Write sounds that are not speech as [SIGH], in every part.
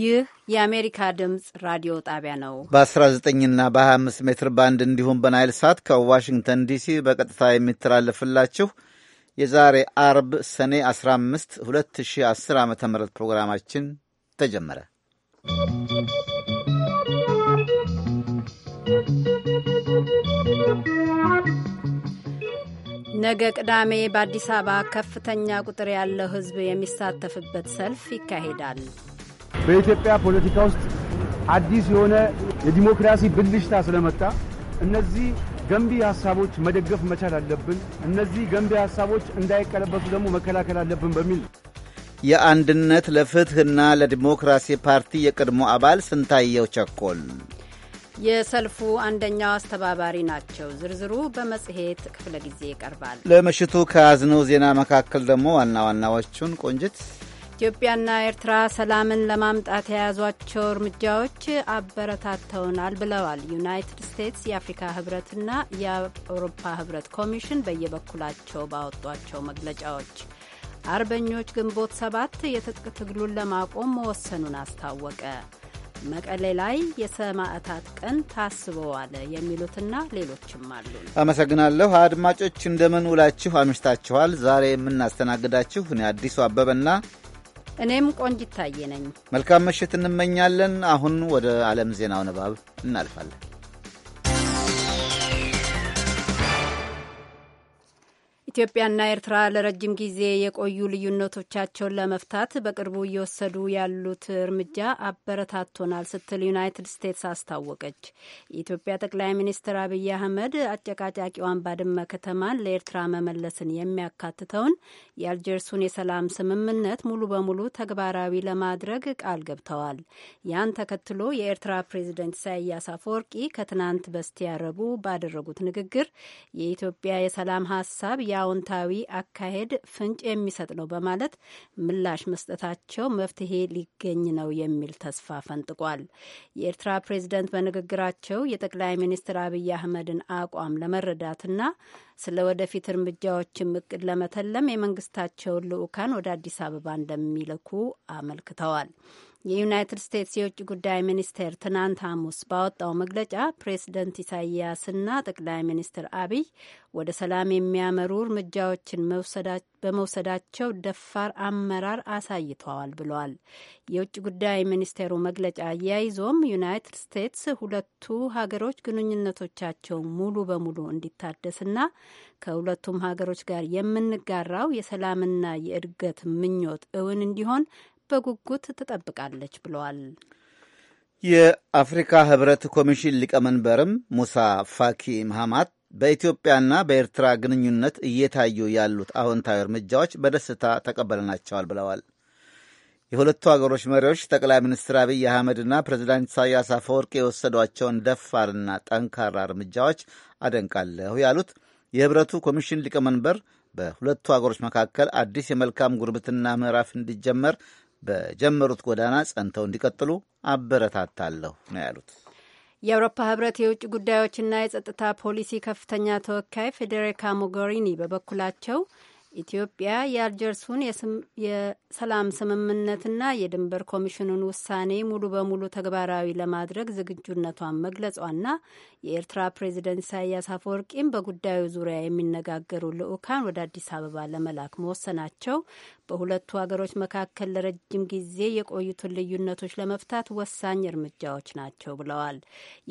ይህ የአሜሪካ ድምፅ ራዲዮ ጣቢያ ነው። በ19ና በ25 ሜትር ባንድ እንዲሁም በናይል ሳት ከዋሽንግተን ዲሲ በቀጥታ የሚተላለፍላችሁ የዛሬ አርብ ሰኔ 15 2010 ዓ ም ፕሮግራማችን ተጀመረ። ነገ ቅዳሜ በአዲስ አበባ ከፍተኛ ቁጥር ያለው ሕዝብ የሚሳተፍበት ሰልፍ ይካሄዳል። በኢትዮጵያ ፖለቲካ ውስጥ አዲስ የሆነ የዲሞክራሲ ብልሽታ ስለመጣ እነዚህ ገንቢ ሀሳቦች መደገፍ መቻል አለብን። እነዚህ ገንቢ ሀሳቦች እንዳይቀለበሱ ደግሞ መከላከል አለብን በሚል የአንድነት ለፍትህና ለዲሞክራሲ ፓርቲ የቀድሞ አባል ስንታየው ቸኮል የሰልፉ አንደኛው አስተባባሪ ናቸው። ዝርዝሩ በመጽሔት ክፍለ ጊዜ ይቀርባል። ለምሽቱ ከያዝነው ዜና መካከል ደግሞ ዋና ዋናዎቹን ቆንጅት ኢትዮጵያና ኤርትራ ሰላምን ለማምጣት የያዟቸው እርምጃዎች አበረታተውናል ብለዋል። ዩናይትድ ስቴትስ፣ የአፍሪካ ህብረትና የአውሮፓ ህብረት ኮሚሽን በየበኩላቸው ባወጧቸው መግለጫዎች አርበኞች ግንቦት ሰባት የትጥቅ ትግሉን ለማቆም መወሰኑን አስታወቀ። መቀሌ ላይ የሰማዕታት ቀን ታስበዋል የሚሉትና ሌሎችም አሉ። አመሰግናለሁ። አድማጮች እንደምን ውላችሁ አምሽታችኋል። ዛሬ የምናስተናግዳችሁ እኔ አዲሱ አበበና እኔም ቆንጅ ታዬ ነኝ። መልካም ምሽት እንመኛለን። አሁን ወደ ዓለም ዜናው ንባብ እናልፋለን። ኢትዮጵያና ኤርትራ ለረጅም ጊዜ የቆዩ ልዩነቶቻቸውን ለመፍታት በቅርቡ እየወሰዱ ያሉት እርምጃ አበረታቶናል ስትል ዩናይትድ ስቴትስ አስታወቀች። የኢትዮጵያ ጠቅላይ ሚኒስትር አብይ አህመድ አጨቃጫቂዋን ባድመ ከተማን ለኤርትራ መመለስን የሚያካትተውን የአልጀርሱን የሰላም ስምምነት ሙሉ በሙሉ ተግባራዊ ለማድረግ ቃል ገብተዋል። ያን ተከትሎ የኤርትራ ፕሬዚደንት ኢሳያስ አፈወርቂ ከትናንት በስቲያ ረቡዕ ባደረጉት ንግግር የኢትዮጵያ የሰላም ሀሳብ ያ አዎንታዊ አካሄድ ፍንጭ የሚሰጥ ነው በማለት ምላሽ መስጠታቸው መፍትሄ ሊገኝ ነው የሚል ተስፋ ፈንጥቋል። የኤርትራ ፕሬዚደንት በንግግራቸው የጠቅላይ ሚኒስትር አብይ አህመድን አቋም ለመረዳትና ስለ ወደፊት እርምጃዎችም እቅድ ለመተለም የመንግስታቸውን ልዑካን ወደ አዲስ አበባ እንደሚልኩ አመልክተዋል። የዩናይትድ ስቴትስ የውጭ ጉዳይ ሚኒስቴር ትናንት ሐሙስ ባወጣው መግለጫ ፕሬዝደንት ኢሳያስና ጠቅላይ ሚኒስትር አብይ ወደ ሰላም የሚያመሩ እርምጃዎችን በመውሰዳቸው ደፋር አመራር አሳይተዋል ብለዋል። የውጭ ጉዳይ ሚኒስቴሩ መግለጫ አያይዞም ዩናይትድ ስቴትስ ሁለቱ ሀገሮች ግንኙነቶቻቸው ሙሉ በሙሉ እንዲታደስና ከሁለቱም ሀገሮች ጋር የምንጋራው የሰላምና የእድገት ምኞት እውን እንዲሆን በጉጉት ትጠብቃለች ብለዋል። የአፍሪካ ህብረት ኮሚሽን ሊቀመንበርም ሙሳ ፋኪ መሐማት በኢትዮጵያና በኤርትራ ግንኙነት እየታዩ ያሉት አዎንታዊ እርምጃዎች በደስታ ተቀበለናቸዋል ብለዋል። የሁለቱ አገሮች መሪዎች ጠቅላይ ሚኒስትር አብይ አህመድና ፕሬዚዳንት ኢሳያስ አፈወርቅ የወሰዷቸውን ደፋርና ጠንካራ እርምጃዎች አደንቃለሁ ያሉት የህብረቱ ኮሚሽን ሊቀመንበር በሁለቱ አገሮች መካከል አዲስ የመልካም ጉርብትና ምዕራፍ እንዲጀመር በጀመሩት ጎዳና ጸንተው እንዲቀጥሉ አበረታታለሁ ነው ያሉት። የአውሮፓ ህብረት የውጭ ጉዳዮችና የጸጥታ ፖሊሲ ከፍተኛ ተወካይ ፌዴሪካ ሞገሪኒ በበኩላቸው ኢትዮጵያ የአልጀርሱን የሰላም ስምምነትና የድንበር ኮሚሽኑን ውሳኔ ሙሉ በሙሉ ተግባራዊ ለማድረግ ዝግጁነቷን መግለጿና የኤርትራ ፕሬዚደንት ኢሳያስ አፈወርቂም በጉዳዩ ዙሪያ የሚነጋገሩ ልዑካን ወደ አዲስ አበባ ለመላክ መወሰናቸው በሁለቱ ሀገሮች መካከል ለረጅም ጊዜ የቆዩትን ልዩነቶች ለመፍታት ወሳኝ እርምጃዎች ናቸው ብለዋል።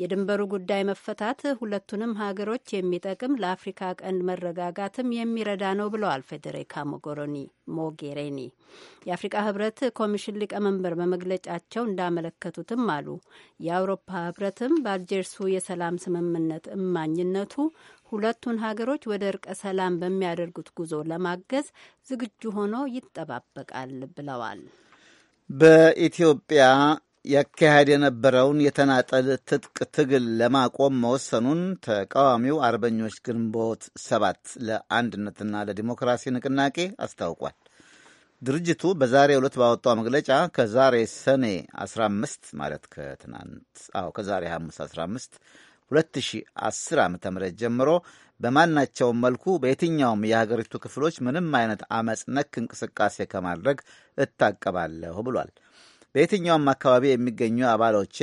የድንበሩ ጉዳይ መፈታት ሁለቱንም ሀገሮች የሚጠቅም ለአፍሪካ ቀንድ መረጋጋትም የሚረዳ ነው ብለዋል ፌዴሪካ ሞጎሮኒ ሞጌሬኒ የአፍሪቃ ህብረት ኮሚሽን ሊቀመንበር በመግለጫቸው እንዳመለከቱትም አሉ የአውሮፓ ህብረትም በአልጀርሱ የሰላም ስምምነት እማኝነቱ ሁለቱን ሀገሮች ወደ እርቀ ሰላም በሚያደርጉት ጉዞ ለማገዝ ዝግጁ ሆኖ ይጠባበቃል ብለዋል። በኢትዮጵያ ያካሄድ የነበረውን የተናጠል ትጥቅ ትግል ለማቆም መወሰኑን ተቃዋሚው አርበኞች ግንቦት ሰባት ለአንድነትና ለዲሞክራሲ ንቅናቄ አስታውቋል። ድርጅቱ በዛሬ ዕለት ባወጣው መግለጫ ከዛሬ ሰኔ 15 ማለት ከትናንት አዎ ከዛሬ 5 15 2010 ዓ ም ጀምሮ በማናቸውም መልኩ በየትኛውም የሀገሪቱ ክፍሎች ምንም አይነት አመፅ ነክ እንቅስቃሴ ከማድረግ እታቀባለሁ ብሏል። በየትኛውም አካባቢ የሚገኙ አባሎቼ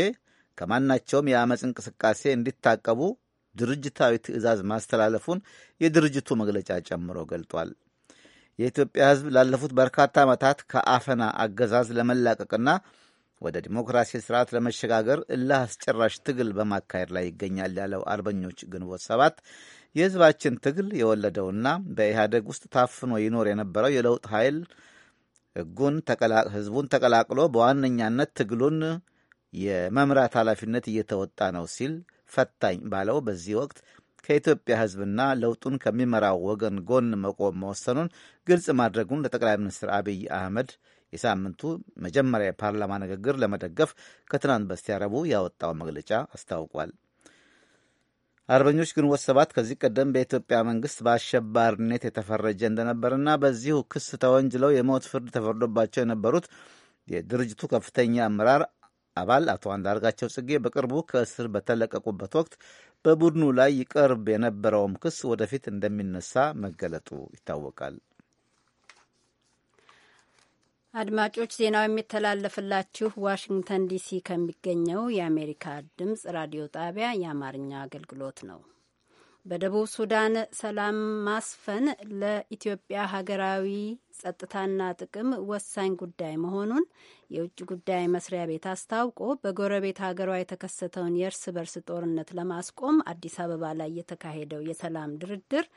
ከማናቸውም የአመፅ እንቅስቃሴ እንዲታቀቡ ድርጅታዊ ትዕዛዝ ማስተላለፉን የድርጅቱ መግለጫ ጨምሮ ገልጧል። የኢትዮጵያ ሕዝብ ላለፉት በርካታ ዓመታት ከአፈና አገዛዝ ለመላቀቅና ወደ ዲሞክራሲ ስርዓት ለመሸጋገር እልህ አስጨራሽ ትግል በማካሄድ ላይ ይገኛል ያለው አርበኞች ግንቦት ሰባት የህዝባችን ትግል የወለደውና በኢህአደግ ውስጥ ታፍኖ ይኖር የነበረው የለውጥ ኃይል ህጉን ህዝቡን ተቀላቅሎ በዋነኛነት ትግሉን የመምራት ኃላፊነት እየተወጣ ነው ሲል ፈታኝ ባለው በዚህ ወቅት ከኢትዮጵያ ህዝብና ለውጡን ከሚመራው ወገን ጎን መቆም መወሰኑን ግልጽ ማድረጉን ለጠቅላይ ሚኒስትር አብይ አህመድ የሳምንቱ መጀመሪያ የፓርላማ ንግግር ለመደገፍ ከትናንት በስቲያ ረቡዕ ያወጣው መግለጫ አስታውቋል። አርበኞች ግንቦት ሰባት ከዚህ ቀደም በኢትዮጵያ መንግስት በአሸባሪነት የተፈረጀ እንደነበርና በዚሁ ክስ ተወንጅለው የሞት ፍርድ ተፈርዶባቸው የነበሩት የድርጅቱ ከፍተኛ አመራር አባል አቶ አንዳርጋቸው ጽጌ በቅርቡ ከእስር በተለቀቁበት ወቅት በቡድኑ ላይ ይቀርብ የነበረውም ክስ ወደፊት እንደሚነሳ መገለጡ ይታወቃል። አድማጮች ዜናው የሚተላለፍላችሁ ዋሽንግተን ዲሲ ከሚገኘው የአሜሪካ ድምፅ ራዲዮ ጣቢያ የአማርኛ አገልግሎት ነው። በደቡብ ሱዳን ሰላም ማስፈን ለኢትዮጵያ ሀገራዊ ጸጥታና ጥቅም ወሳኝ ጉዳይ መሆኑን የውጭ ጉዳይ መስሪያ ቤት አስታውቆ በጎረቤት ሀገሯ የተከሰተውን የእርስ በርስ ጦርነት ለማስቆም አዲስ አበባ ላይ የተካሄደው የሰላም ድርድር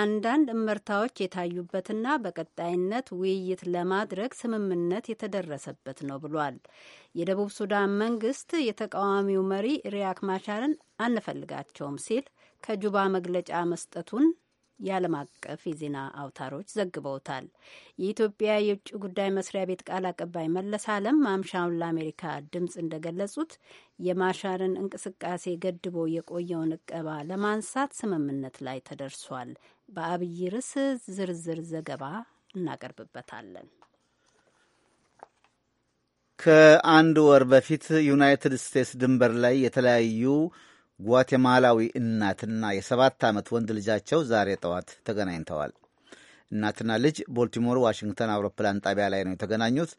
አንዳንድ እመርታዎች የታዩበትና በቀጣይነት ውይይት ለማድረግ ስምምነት የተደረሰበት ነው ብሏል። የደቡብ ሱዳን መንግስት የተቃዋሚው መሪ ሪያክ ማቻርን አንፈልጋቸውም ሲል ከጁባ መግለጫ መስጠቱን የዓለም አቀፍ የዜና አውታሮች ዘግበውታል። የኢትዮጵያ የውጭ ጉዳይ መስሪያ ቤት ቃል አቀባይ መለስ አለም ማምሻውን ለአሜሪካ ድምፅ እንደገለጹት የማሻርን እንቅስቃሴ ገድቦ የቆየውን እቀባ ለማንሳት ስምምነት ላይ ተደርሷል። በአብይ ርዕስ ዝርዝር ዘገባ እናቀርብበታለን። ከአንድ ወር በፊት ዩናይትድ ስቴትስ ድንበር ላይ የተለያዩ ጓቴማላዊ እናትና የሰባት ዓመት ወንድ ልጃቸው ዛሬ ጠዋት ተገናኝተዋል። እናትና ልጅ ቦልቲሞር ዋሽንግተን አውሮፕላን ጣቢያ ላይ ነው የተገናኙት።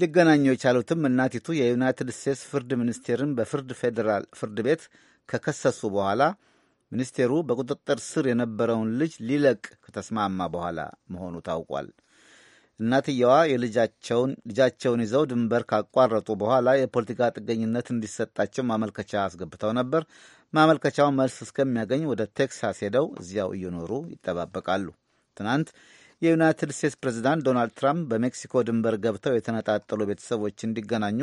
ሊገናኙ የቻሉትም እናቲቱ የዩናይትድ ስቴትስ ፍርድ ሚኒስቴርን በፍርድ ፌዴራል ፍርድ ቤት ከከሰሱ በኋላ ሚኒስቴሩ በቁጥጥር ስር የነበረውን ልጅ ሊለቅ ከተስማማ በኋላ መሆኑ ታውቋል። እናትየዋ ልጃቸውን ይዘው ድንበር ካቋረጡ በኋላ የፖለቲካ ጥገኝነት እንዲሰጣቸው ማመልከቻ አስገብተው ነበር። ማመልከቻው መልስ እስከሚያገኝ ወደ ቴክሳስ ሄደው እዚያው እየኖሩ ይጠባበቃሉ። ትናንት የዩናይትድ ስቴትስ ፕሬዚዳንት ዶናልድ ትራምፕ በሜክሲኮ ድንበር ገብተው የተነጣጠሉ ቤተሰቦች እንዲገናኙ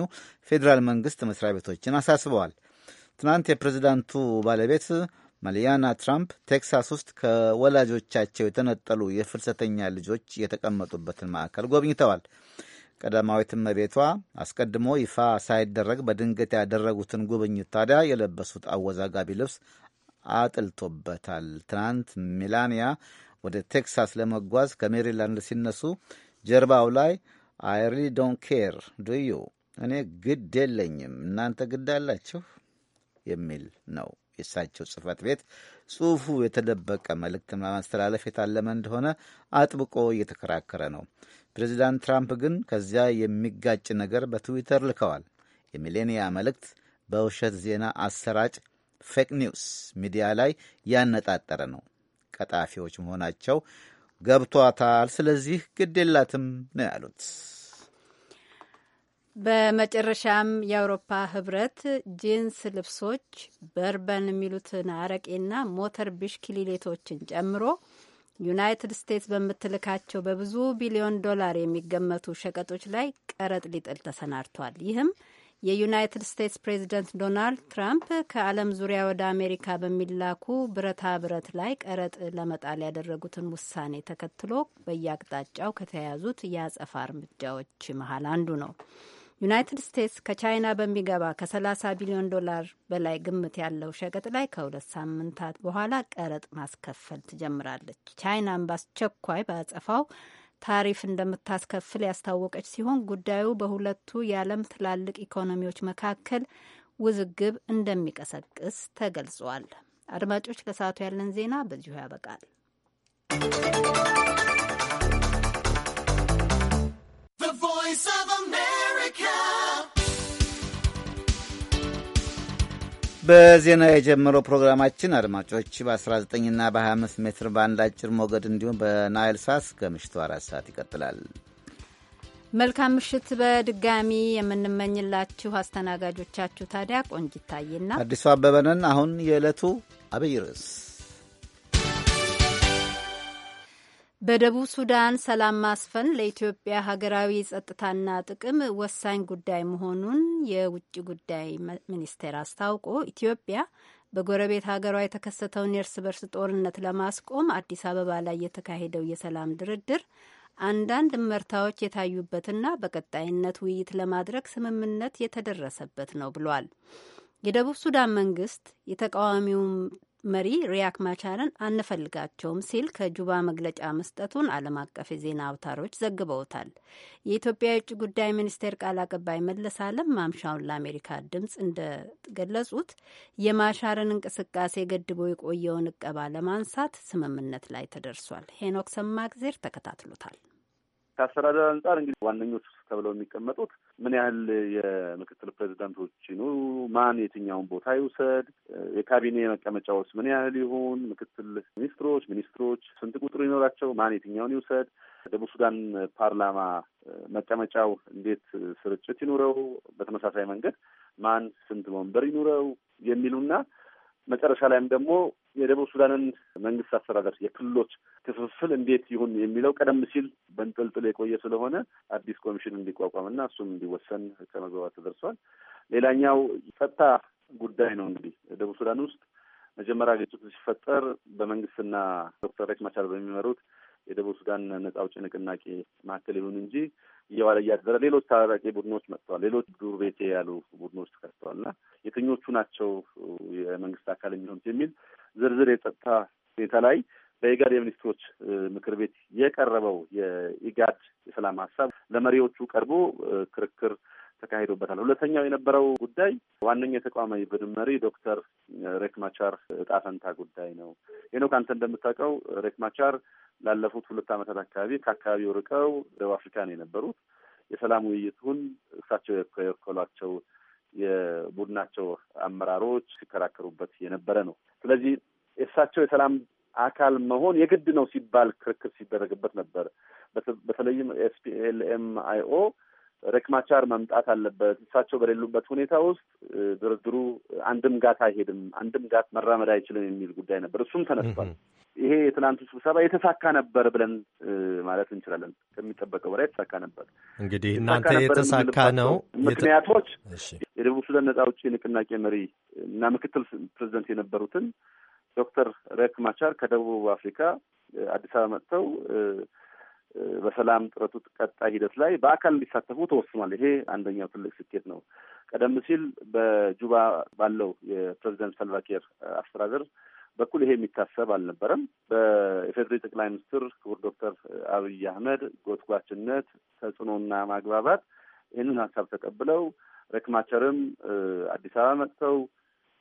ፌዴራል መንግስት መስሪያ ቤቶችን አሳስበዋል። ትናንት የፕሬዚዳንቱ ባለቤት ማሊያና ትራምፕ ቴክሳስ ውስጥ ከወላጆቻቸው የተነጠሉ የፍልሰተኛ ልጆች የተቀመጡበትን ማዕከል ጎብኝተዋል። ቀዳማዊት እመቤቷ አስቀድሞ ይፋ ሳይደረግ በድንገት ያደረጉትን ጉብኝት ታዲያ የለበሱት አወዛጋቢ ልብስ አጥልቶበታል። ትናንት ሚላኒያ ወደ ቴክሳስ ለመጓዝ ከሜሪላንድ ሲነሱ ጀርባው ላይ አይሪ ዶን ኬር ዱዩ እኔ ግድ የለኝም እናንተ ግድ አላችሁ የሚል ነው። የእሳቸው ጽህፈት ቤት ጽሁፉ የተደበቀ መልእክትን ለማስተላለፍ የታለመ እንደሆነ አጥብቆ እየተከራከረ ነው። ፕሬዚዳንት ትራምፕ ግን ከዚያ የሚጋጭ ነገር በትዊተር ልከዋል። የሚሌኒያ መልእክት በውሸት ዜና አሰራጭ ፌክ ኒውስ ሚዲያ ላይ ያነጣጠረ ነው። ቀጣፊዎች መሆናቸው ገብቷታል። ስለዚህ ግድ የላትም ነው ያሉት። በመጨረሻም የአውሮፓ ህብረት ጂንስ ልብሶች በርበን የሚሉትን አረቄና ሞተር ብሽክሌቶችን ጨምሮ ዩናይትድ ስቴትስ በምትልካቸው በብዙ ቢሊዮን ዶላር የሚገመቱ ሸቀጦች ላይ ቀረጥ ሊጥል ተሰናድቷል። ይህም የዩናይትድ ስቴትስ ፕሬዚደንት ዶናልድ ትራምፕ ከዓለም ዙሪያ ወደ አሜሪካ በሚላኩ ብረታ ብረት ላይ ቀረጥ ለመጣል ያደረጉትን ውሳኔ ተከትሎ በየአቅጣጫው ከተያያዙት የአጸፋ እርምጃዎች መሀል አንዱ ነው። ዩናይትድ ስቴትስ ከቻይና በሚገባ ከ30 ቢሊዮን ዶላር በላይ ግምት ያለው ሸቀጥ ላይ ከሁለት ሳምንታት በኋላ ቀረጥ ማስከፈል ትጀምራለች። ቻይናን በአስቸኳይ በአጸፋው ታሪፍ እንደምታስከፍል ያስታወቀች ሲሆን ጉዳዩ በሁለቱ የዓለም ትላልቅ ኢኮኖሚዎች መካከል ውዝግብ እንደሚቀሰቅስ ተገልጿል። አድማጮች፣ ለሰዓቱ ያለን ዜና በዚሁ ያበቃል። ቮይስ ኦፍ አሜሪካ በዜና የጀመረው ፕሮግራማችን አድማጮች በ19ና በ25 ሜትር ባንድ አጭር ሞገድ እንዲሁም በናይል ሳስ ከምሽቱ አራት ሰዓት ይቀጥላል። መልካም ምሽት በድጋሚ የምንመኝላችሁ አስተናጋጆቻችሁ ታዲያ ቆንጅታይና አዲሱ አበበ ነን። አሁን የዕለቱ አብይ ርዕስ በደቡብ ሱዳን ሰላም ማስፈን ለኢትዮጵያ ሀገራዊ ጸጥታና ጥቅም ወሳኝ ጉዳይ መሆኑን የውጭ ጉዳይ ሚኒስቴር አስታውቆ ኢትዮጵያ በጎረቤት ሀገሯ የተከሰተውን የእርስ በርስ ጦርነት ለማስቆም አዲስ አበባ ላይ የተካሄደው የሰላም ድርድር አንዳንድ መርታዎች የታዩበትና በቀጣይነት ውይይት ለማድረግ ስምምነት የተደረሰበት ነው ብሏል። የደቡብ ሱዳን መንግስት የተቃዋሚውን መሪ ሪያክ ማቻርን አንፈልጋቸውም ሲል ከጁባ መግለጫ መስጠቱን ዓለም አቀፍ የዜና አውታሮች ዘግበውታል። የኢትዮጵያ የውጭ ጉዳይ ሚኒስቴር ቃል አቀባይ መለስ አለም ማምሻውን ለአሜሪካ ድምፅ እንደገለጹት የማሻርን እንቅስቃሴ ገድቦ የቆየውን እቀባ ለማንሳት ስምምነት ላይ ተደርሷል። ሄኖክ ሰማግዜር ተከታትሎታል። ከአስተዳደር አንጻር እንግዲህ ዋነኞቹ ተብለው የሚቀመጡት ምን ያህል የምክትል ፕሬዚዳንቶች ይኑ፣ ማን የትኛውን ቦታ ይውሰድ፣ የካቢኔ መቀመጫዎች ምን ያህል ይሁን፣ ምክትል ሚኒስትሮች ሚኒስትሮች ስንት ቁጥር ይኖራቸው፣ ማን የትኛውን ይውሰድ፣ ደቡብ ሱዳን ፓርላማ መቀመጫው እንዴት ስርጭት ይኑረው፣ በተመሳሳይ መንገድ ማን ስንት ወንበር ይኑረው የሚሉና መጨረሻ ላይም ደግሞ የደቡብ ሱዳንን መንግስት አስተዳደር የክልሎች ክፍፍል እንዴት ይሁን የሚለው ቀደም ሲል በንጥልጥል የቆየ ስለሆነ አዲስ ኮሚሽን እንዲቋቋምና እሱም እንዲወሰን ከመግባባት ተደርሷል። ሌላኛው ጸጥታ ጉዳይ ነው። እንግዲህ ደቡብ ሱዳን ውስጥ መጀመሪያ ግጭቱ ሲፈጠር በመንግስትና ዶክተር ሬክ ማቻር በሚመሩት የደቡብ ሱዳን ነጻ አውጪ ንቅናቄ መካከል ይሁን እንጂ እየዋለ እያደረ ሌሎች ታራቂ ቡድኖች መጥተዋል። ሌሎች ዱር ቤቴ ያሉ ቡድኖች ተከስተዋል እና የትኞቹ ናቸው የመንግስት አካል የሚሆኑት የሚል ዝርዝር የጸጥታ ሁኔታ ላይ በኢጋድ የሚኒስትሮች ምክር ቤት የቀረበው የኢጋድ የሰላም ሀሳብ ለመሪዎቹ ቀርቦ ክርክር ተካሂዶበታል። ሁለተኛው የነበረው ጉዳይ ዋነኛ የተቋማዊ ቡድን መሪ ዶክተር ሬክ ማቻር እጣ ፈንታ ጉዳይ ነው። ሄኖክ አንተ እንደምታውቀው ሬክ ማቻር ላለፉት ሁለት ዓመታት አካባቢ ከአካባቢው ርቀው ደቡብ አፍሪካ ነው የነበሩት። የሰላም ውይይቱን እሳቸው የወከሏቸው የቡድናቸው አመራሮች ሲከራከሩበት የነበረ ነው። ስለዚህ የእሳቸው የሰላም አካል መሆን የግድ ነው ሲባል ክርክር ሲደረግበት ነበር። በተለይም ኤስፒኤልኤም አይኦ ረክማቻር መምጣት አለበት። እሳቸው በሌሉበት ሁኔታ ውስጥ ድርድሩ አንድም ጋት አይሄድም፣ አንድም ጋት መራመድ አይችልም የሚል ጉዳይ ነበር። እሱም ተነስቷል። ይሄ የትናንቱ ስብሰባ የተሳካ ነበር ብለን ማለት እንችላለን። ከሚጠበቀው በላይ የተሳካ ነበር። እንግዲህ እናንተ የተሳካ ነው ምክንያቶች የደቡብ ሱዳን ነጻ አውጪ ንቅናቄ መሪ እና ምክትል ፕሬዚደንት የነበሩትን ዶክተር ሬክ ማቻር ከደቡብ አፍሪካ አዲስ አበባ መጥተው በሰላም ጥረቱ ቀጣይ ሂደት ላይ በአካል እንዲሳተፉ ተወስኗል። ይሄ አንደኛው ትልቅ ስኬት ነው። ቀደም ሲል በጁባ ባለው የፕሬዚደንት ሳልቫኪር አስተዳደር በኩል ይሄ የሚታሰብ አልነበረም። በኢፌዴሪ ጠቅላይ ሚኒስትር ክቡር ዶክተር አብይ አህመድ ጎትጓችነት፣ ተጽዕኖና ማግባባት ይህንን ሀሳብ ተቀብለው ሬክማቸርም አዲስ አበባ መጥተው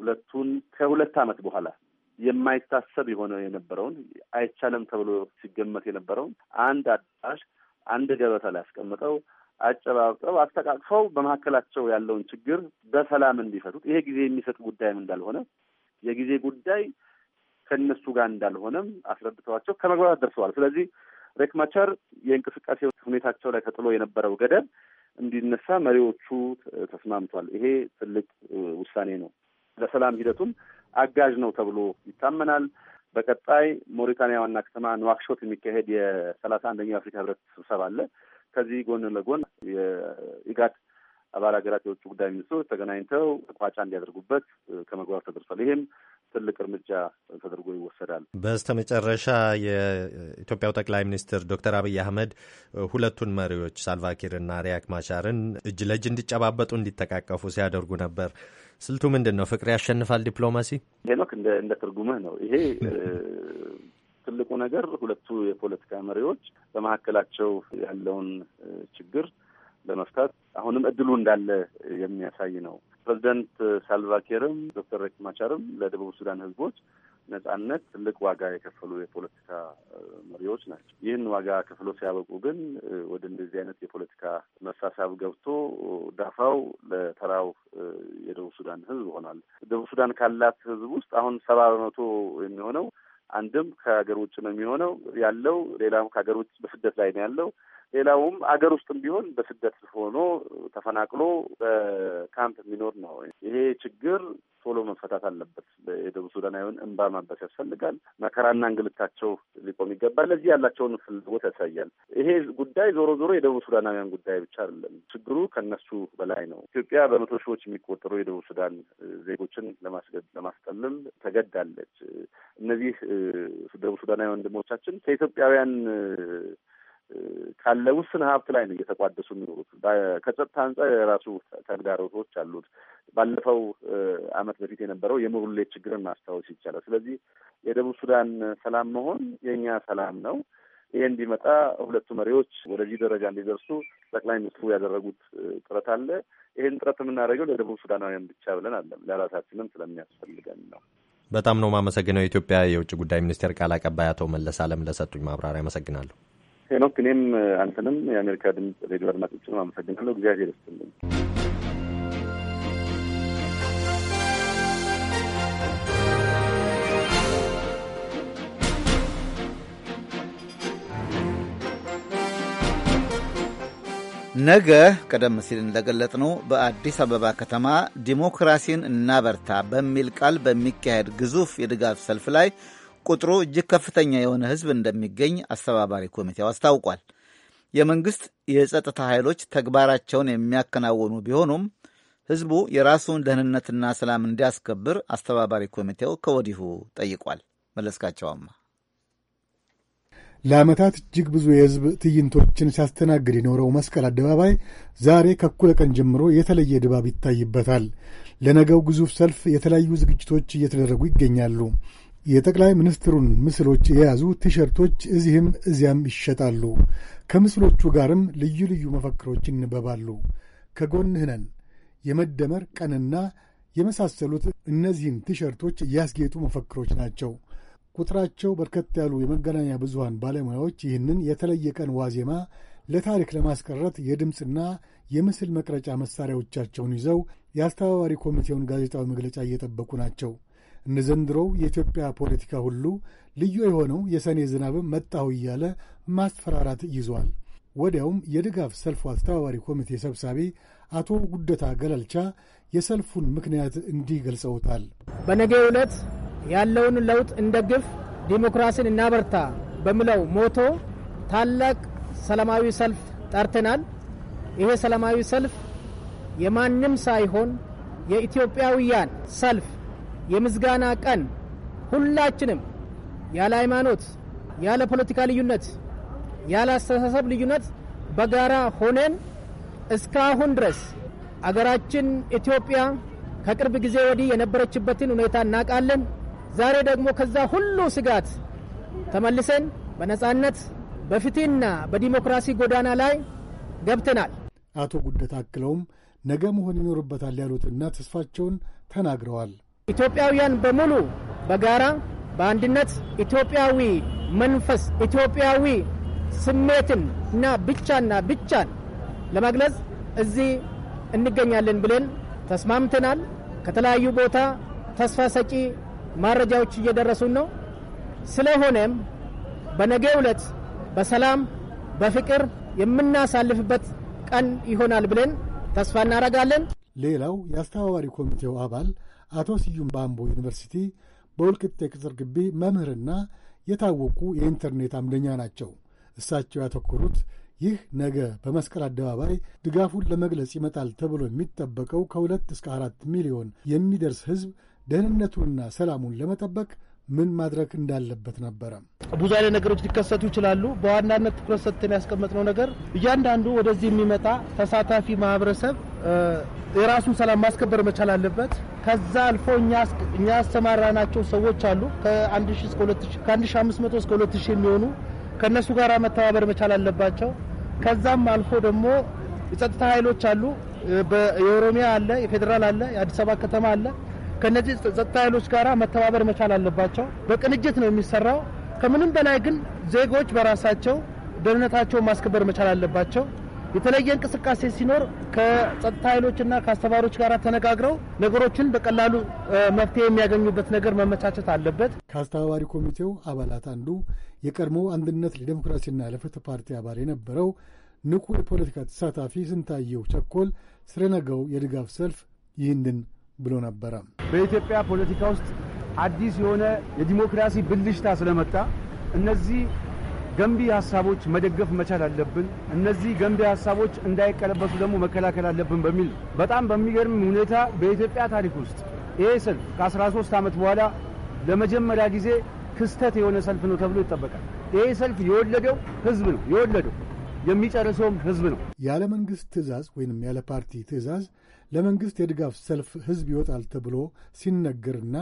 ሁለቱን ከሁለት ዓመት በኋላ የማይታሰብ የሆነ የነበረውን አይቻልም ተብሎ ሲገመት የነበረውን አንድ አዳራሽ አንድ ገበታ ላይ አስቀምጠው አጨባብጠው አስተቃቅፈው በመካከላቸው ያለውን ችግር በሰላም እንዲፈቱት ይሄ ጊዜ የሚሰጥ ጉዳይም እንዳልሆነ የጊዜ ጉዳይ ከእነሱ ጋር እንዳልሆነም አስረድተዋቸው ከመግባባት ደርሰዋል። ስለዚህ ሬክ ማቻር የእንቅስቃሴ ሁኔታቸው ላይ ተጥሎ የነበረው ገደብ እንዲነሳ መሪዎቹ ተስማምቷል። ይሄ ትልቅ ውሳኔ ነው። ለሰላም ሂደቱም አጋዥ ነው ተብሎ ይታመናል። በቀጣይ ሞሪታንያ ዋና ከተማ ንዋክሾት የሚካሄድ የሰላሳ አንደኛው የአፍሪካ ህብረት ስብሰባ አለ። ከዚህ ጎን ለጎን የኢጋድ አባል ሀገራት የውጭ ጉዳይ ሚኒስትሮች ተገናኝተው ተቋጫ እንዲያደርጉበት ከመግባባት ተደርሷል። ይህም ትልቅ እርምጃ ተደርጎ ይወሰዳል። በስተመጨረሻ የኢትዮጵያው ጠቅላይ ሚኒስትር ዶክተር አብይ አህመድ ሁለቱን መሪዎች ሳልቫኪርና ሪያክ ማሻርን እጅ ለእጅ እንዲጨባበጡ፣ እንዲተቃቀፉ ሲያደርጉ ነበር። ስልቱ ምንድን ነው? ፍቅር ያሸንፋል ዲፕሎማሲ? ሄኖክ፣ እንደ ትርጉምህ ነው ይሄ ትልቁ ነገር ሁለቱ የፖለቲካ መሪዎች በመካከላቸው ያለውን ችግር ለመፍታት አሁንም እድሉ እንዳለ የሚያሳይ ነው። ፕሬዚደንት ሳልቫኪርም ዶክተር ሬክ ማቻርም ለደቡብ ሱዳን ህዝቦች ነጻነት ትልቅ ዋጋ የከፈሉ የፖለቲካ መሪዎች ናቸው። ይህን ዋጋ ከፍሎ ሲያበቁ ግን ወደ እንደዚህ አይነት የፖለቲካ መሳሳብ ገብቶ ዳፋው ለተራው የደቡብ ሱዳን ህዝብ ሆኗል። ደቡብ ሱዳን ካላት ህዝብ ውስጥ አሁን ሰባ በመቶ የሚሆነው አንድም ከሀገር ውጭ ነው የሚሆነው ያለው ሌላም ከሀገር ውጭ በስደት ላይ ነው ያለው ሌላውም አገር ውስጥም ቢሆን በስደት ሆኖ ተፈናቅሎ በካምፕ የሚኖር ነው። ይሄ ችግር ቶሎ መፈታት አለበት። የደቡብ ሱዳናዊን እንባ ማበስ ያስፈልጋል። መከራና እንግልታቸው ሊቆም ይገባል። ለዚህ ያላቸውን ፍላጎት ያሳያል። ይሄ ጉዳይ ዞሮ ዞሮ የደቡብ ሱዳናውያን ጉዳይ ብቻ አይደለም። ችግሩ ከነሱ በላይ ነው። ኢትዮጵያ በመቶ ሺዎች የሚቆጠሩ የደቡብ ሱዳን ዜጎችን ለማስገድ ተገዳለች። እነዚህ ደቡብ ሱዳናዊ ወንድሞቻችን ከኢትዮጵያውያን ካለ ውስን ሀብት ላይ ነው እየተቋደሱ የሚኖሩት። ከጸጥታ አንጻር የራሱ ተግዳሮቶች አሉት። ባለፈው ዓመት በፊት የነበረው የሙሩሌ ችግርን ማስታወስ ይቻላል። ስለዚህ የደቡብ ሱዳን ሰላም መሆን የእኛ ሰላም ነው። ይሄ እንዲመጣ ሁለቱ መሪዎች ወደዚህ ደረጃ እንዲደርሱ ጠቅላይ ሚኒስትሩ ያደረጉት ጥረት አለ። ይህን ጥረት የምናደርገው ለደቡብ ሱዳናውያን ብቻ ብለን አለም ለራሳችንም ስለሚያስፈልገን ነው። በጣም ነው ማመሰግነው። የኢትዮጵያ የውጭ ጉዳይ ሚኒስቴር ቃል አቀባይ አቶ መለስ አለም ለሰጡኝ ማብራሪያ አመሰግናለሁ። ሄኖክ፣ እኔም አንተንም የአሜሪካ ድምፅ ሬዲዮ አድማጮችንም አመሰግናለሁ። እግዚአብሔር ይስጥልኝ። ነገ ቀደም ሲል እንደገለጽነው በአዲስ አበባ ከተማ ዲሞክራሲን እናበርታ በሚል ቃል በሚካሄድ ግዙፍ የድጋፍ ሰልፍ ላይ ቁጥሩ እጅግ ከፍተኛ የሆነ ህዝብ እንደሚገኝ አስተባባሪ ኮሚቴው አስታውቋል። የመንግሥት የጸጥታ ኃይሎች ተግባራቸውን የሚያከናውኑ ቢሆኑም ህዝቡ የራሱን ደህንነትና ሰላም እንዲያስከብር አስተባባሪ ኮሚቴው ከወዲሁ ጠይቋል። መለስካቸዋማ ለዓመታት እጅግ ብዙ የህዝብ ትዕይንቶችን ሲያስተናግድ የኖረው መስቀል አደባባይ ዛሬ ከእኩለ ቀን ጀምሮ የተለየ ድባብ ይታይበታል። ለነገው ግዙፍ ሰልፍ የተለያዩ ዝግጅቶች እየተደረጉ ይገኛሉ። የጠቅላይ ሚኒስትሩን ምስሎች የያዙ ቲሸርቶች እዚህም እዚያም ይሸጣሉ። ከምስሎቹ ጋርም ልዩ ልዩ መፈክሮች ይንበባሉ። ከጎንህ ነን፣ የመደመር ቀንና የመሳሰሉት እነዚህን ቲሸርቶች ያስጌጡ መፈክሮች ናቸው። ቁጥራቸው በርከት ያሉ የመገናኛ ብዙሃን ባለሙያዎች ይህንን የተለየ ቀን ዋዜማ ለታሪክ ለማስቀረት የድምፅና የምስል መቅረጫ መሳሪያዎቻቸውን ይዘው የአስተባባሪ ኮሚቴውን ጋዜጣዊ መግለጫ እየጠበቁ ናቸው። እንደ ዘንድሮው የኢትዮጵያ ፖለቲካ ሁሉ ልዩ የሆነው የሰኔ ዝናብም መጣሁ እያለ ማስፈራራት ይዟል። ወዲያውም የድጋፍ ሰልፉ አስተባባሪ ኮሚቴ ሰብሳቢ አቶ ጉደታ ገለልቻ የሰልፉን ምክንያት እንዲህ ገልጸውታል። በነገ ዕለት ያለውን ለውጥ እንደግፍ፣ ዲሞክራሲን እናበርታ በሚለው ሞቶ ታላቅ ሰላማዊ ሰልፍ ጠርተናል። ይሄ ሰላማዊ ሰልፍ የማንም ሳይሆን የኢትዮጵያውያን ሰልፍ የምስጋና ቀን ሁላችንም ያለ ሃይማኖት፣ ያለ ፖለቲካ ልዩነት፣ ያለ አስተሳሰብ ልዩነት በጋራ ሆነን እስካሁን ድረስ አገራችን ኢትዮጵያ ከቅርብ ጊዜ ወዲህ የነበረችበትን ሁኔታ እናውቃለን። ዛሬ ደግሞ ከዛ ሁሉ ስጋት ተመልሰን በነጻነት በፍትህና በዲሞክራሲ ጎዳና ላይ ገብተናል። አቶ ጉደት አክለውም ነገ መሆን ይኖርበታል ያሉትና ተስፋቸውን ተናግረዋል። ኢትዮጵያውያን በሙሉ በጋራ በአንድነት ኢትዮጵያዊ መንፈስ ኢትዮጵያዊ ስሜትን እና ብቻና ብቻን ለመግለጽ እዚህ እንገኛለን ብለን ተስማምተናል። ከተለያዩ ቦታ ተስፋ ሰጪ መረጃዎች እየደረሱን ነው። ስለሆነም በነገ ዕለት በሰላም በፍቅር የምናሳልፍበት ቀን ይሆናል ብለን ተስፋ እናደርጋለን። ሌላው የአስተባባሪ ኮሚቴው አባል አቶ ስዩም በአምቦ ዩኒቨርሲቲ በወልቅጤ ቅጥር ግቢ መምህርና የታወቁ የኢንተርኔት አምደኛ ናቸው። እሳቸው ያተኮሩት ይህ ነገ በመስቀል አደባባይ ድጋፉን ለመግለጽ ይመጣል ተብሎ የሚጠበቀው ከሁለት እስከ አራት ሚሊዮን የሚደርስ ሕዝብ ደህንነቱንና ሰላሙን ለመጠበቅ ምን ማድረግ እንዳለበት ነበረ። ብዙ አይነት ነገሮች ሊከሰቱ ይችላሉ። በዋናነት ትኩረት ሰጥተን ያስቀመጥነው ነገር እያንዳንዱ ወደዚህ የሚመጣ ተሳታፊ ማህበረሰብ የራሱን ሰላም ማስከበር መቻል አለበት። ከዛ አልፎ እኛ ያሰማራናቸው ሰዎች አሉ ከ1500 እስከ 2000 የሚሆኑ ከእነሱ ጋር መተባበር መቻል አለባቸው። ከዛም አልፎ ደግሞ የጸጥታ ኃይሎች አሉ። የኦሮሚያ አለ፣ የፌዴራል አለ፣ የአዲስ አበባ ከተማ አለ። ከነዚህ ጸጥታ ኃይሎች ጋር መተባበር መቻል አለባቸው። በቅንጅት ነው የሚሰራው። ከምንም በላይ ግን ዜጎች በራሳቸው ደህንነታቸው ማስከበር መቻል አለባቸው። የተለየ እንቅስቃሴ ሲኖር ከጸጥታ ኃይሎችና ከአስተባሪዎች ጋር ተነጋግረው ነገሮችን በቀላሉ መፍትሄ የሚያገኙበት ነገር መመቻቸት አለበት። ከአስተባባሪ ኮሚቴው አባላት አንዱ የቀድሞ አንድነት ለዲሞክራሲና ለፍትህ ፓርቲ አባል የነበረው ንቁ የፖለቲካ ተሳታፊ ስንታየው ቸኮል ስለነገው የድጋፍ ሰልፍ ይህንን ብሎ ነበረ። በኢትዮጵያ ፖለቲካ ውስጥ አዲስ የሆነ የዲሞክራሲ ብልሽታ ስለመጣ እነዚህ ገንቢ ሀሳቦች መደገፍ መቻል አለብን። እነዚህ ገንቢ ሀሳቦች እንዳይቀለበሱ ደግሞ መከላከል አለብን በሚል በጣም በሚገርም ሁኔታ በኢትዮጵያ ታሪክ ውስጥ ይሄ ሰልፍ ከ13 ዓመት በኋላ ለመጀመሪያ ጊዜ ክስተት የሆነ ሰልፍ ነው ተብሎ ይጠበቃል። ይሄ ሰልፍ የወለደው ህዝብ ነው የወለደው የሚጨርሰውም ህዝብ ነው። ያለ መንግስት ትእዛዝ ወይንም ያለ ፓርቲ ትእዛዝ ለመንግስት የድጋፍ ሰልፍ ህዝብ ይወጣል ተብሎ ሲነገርና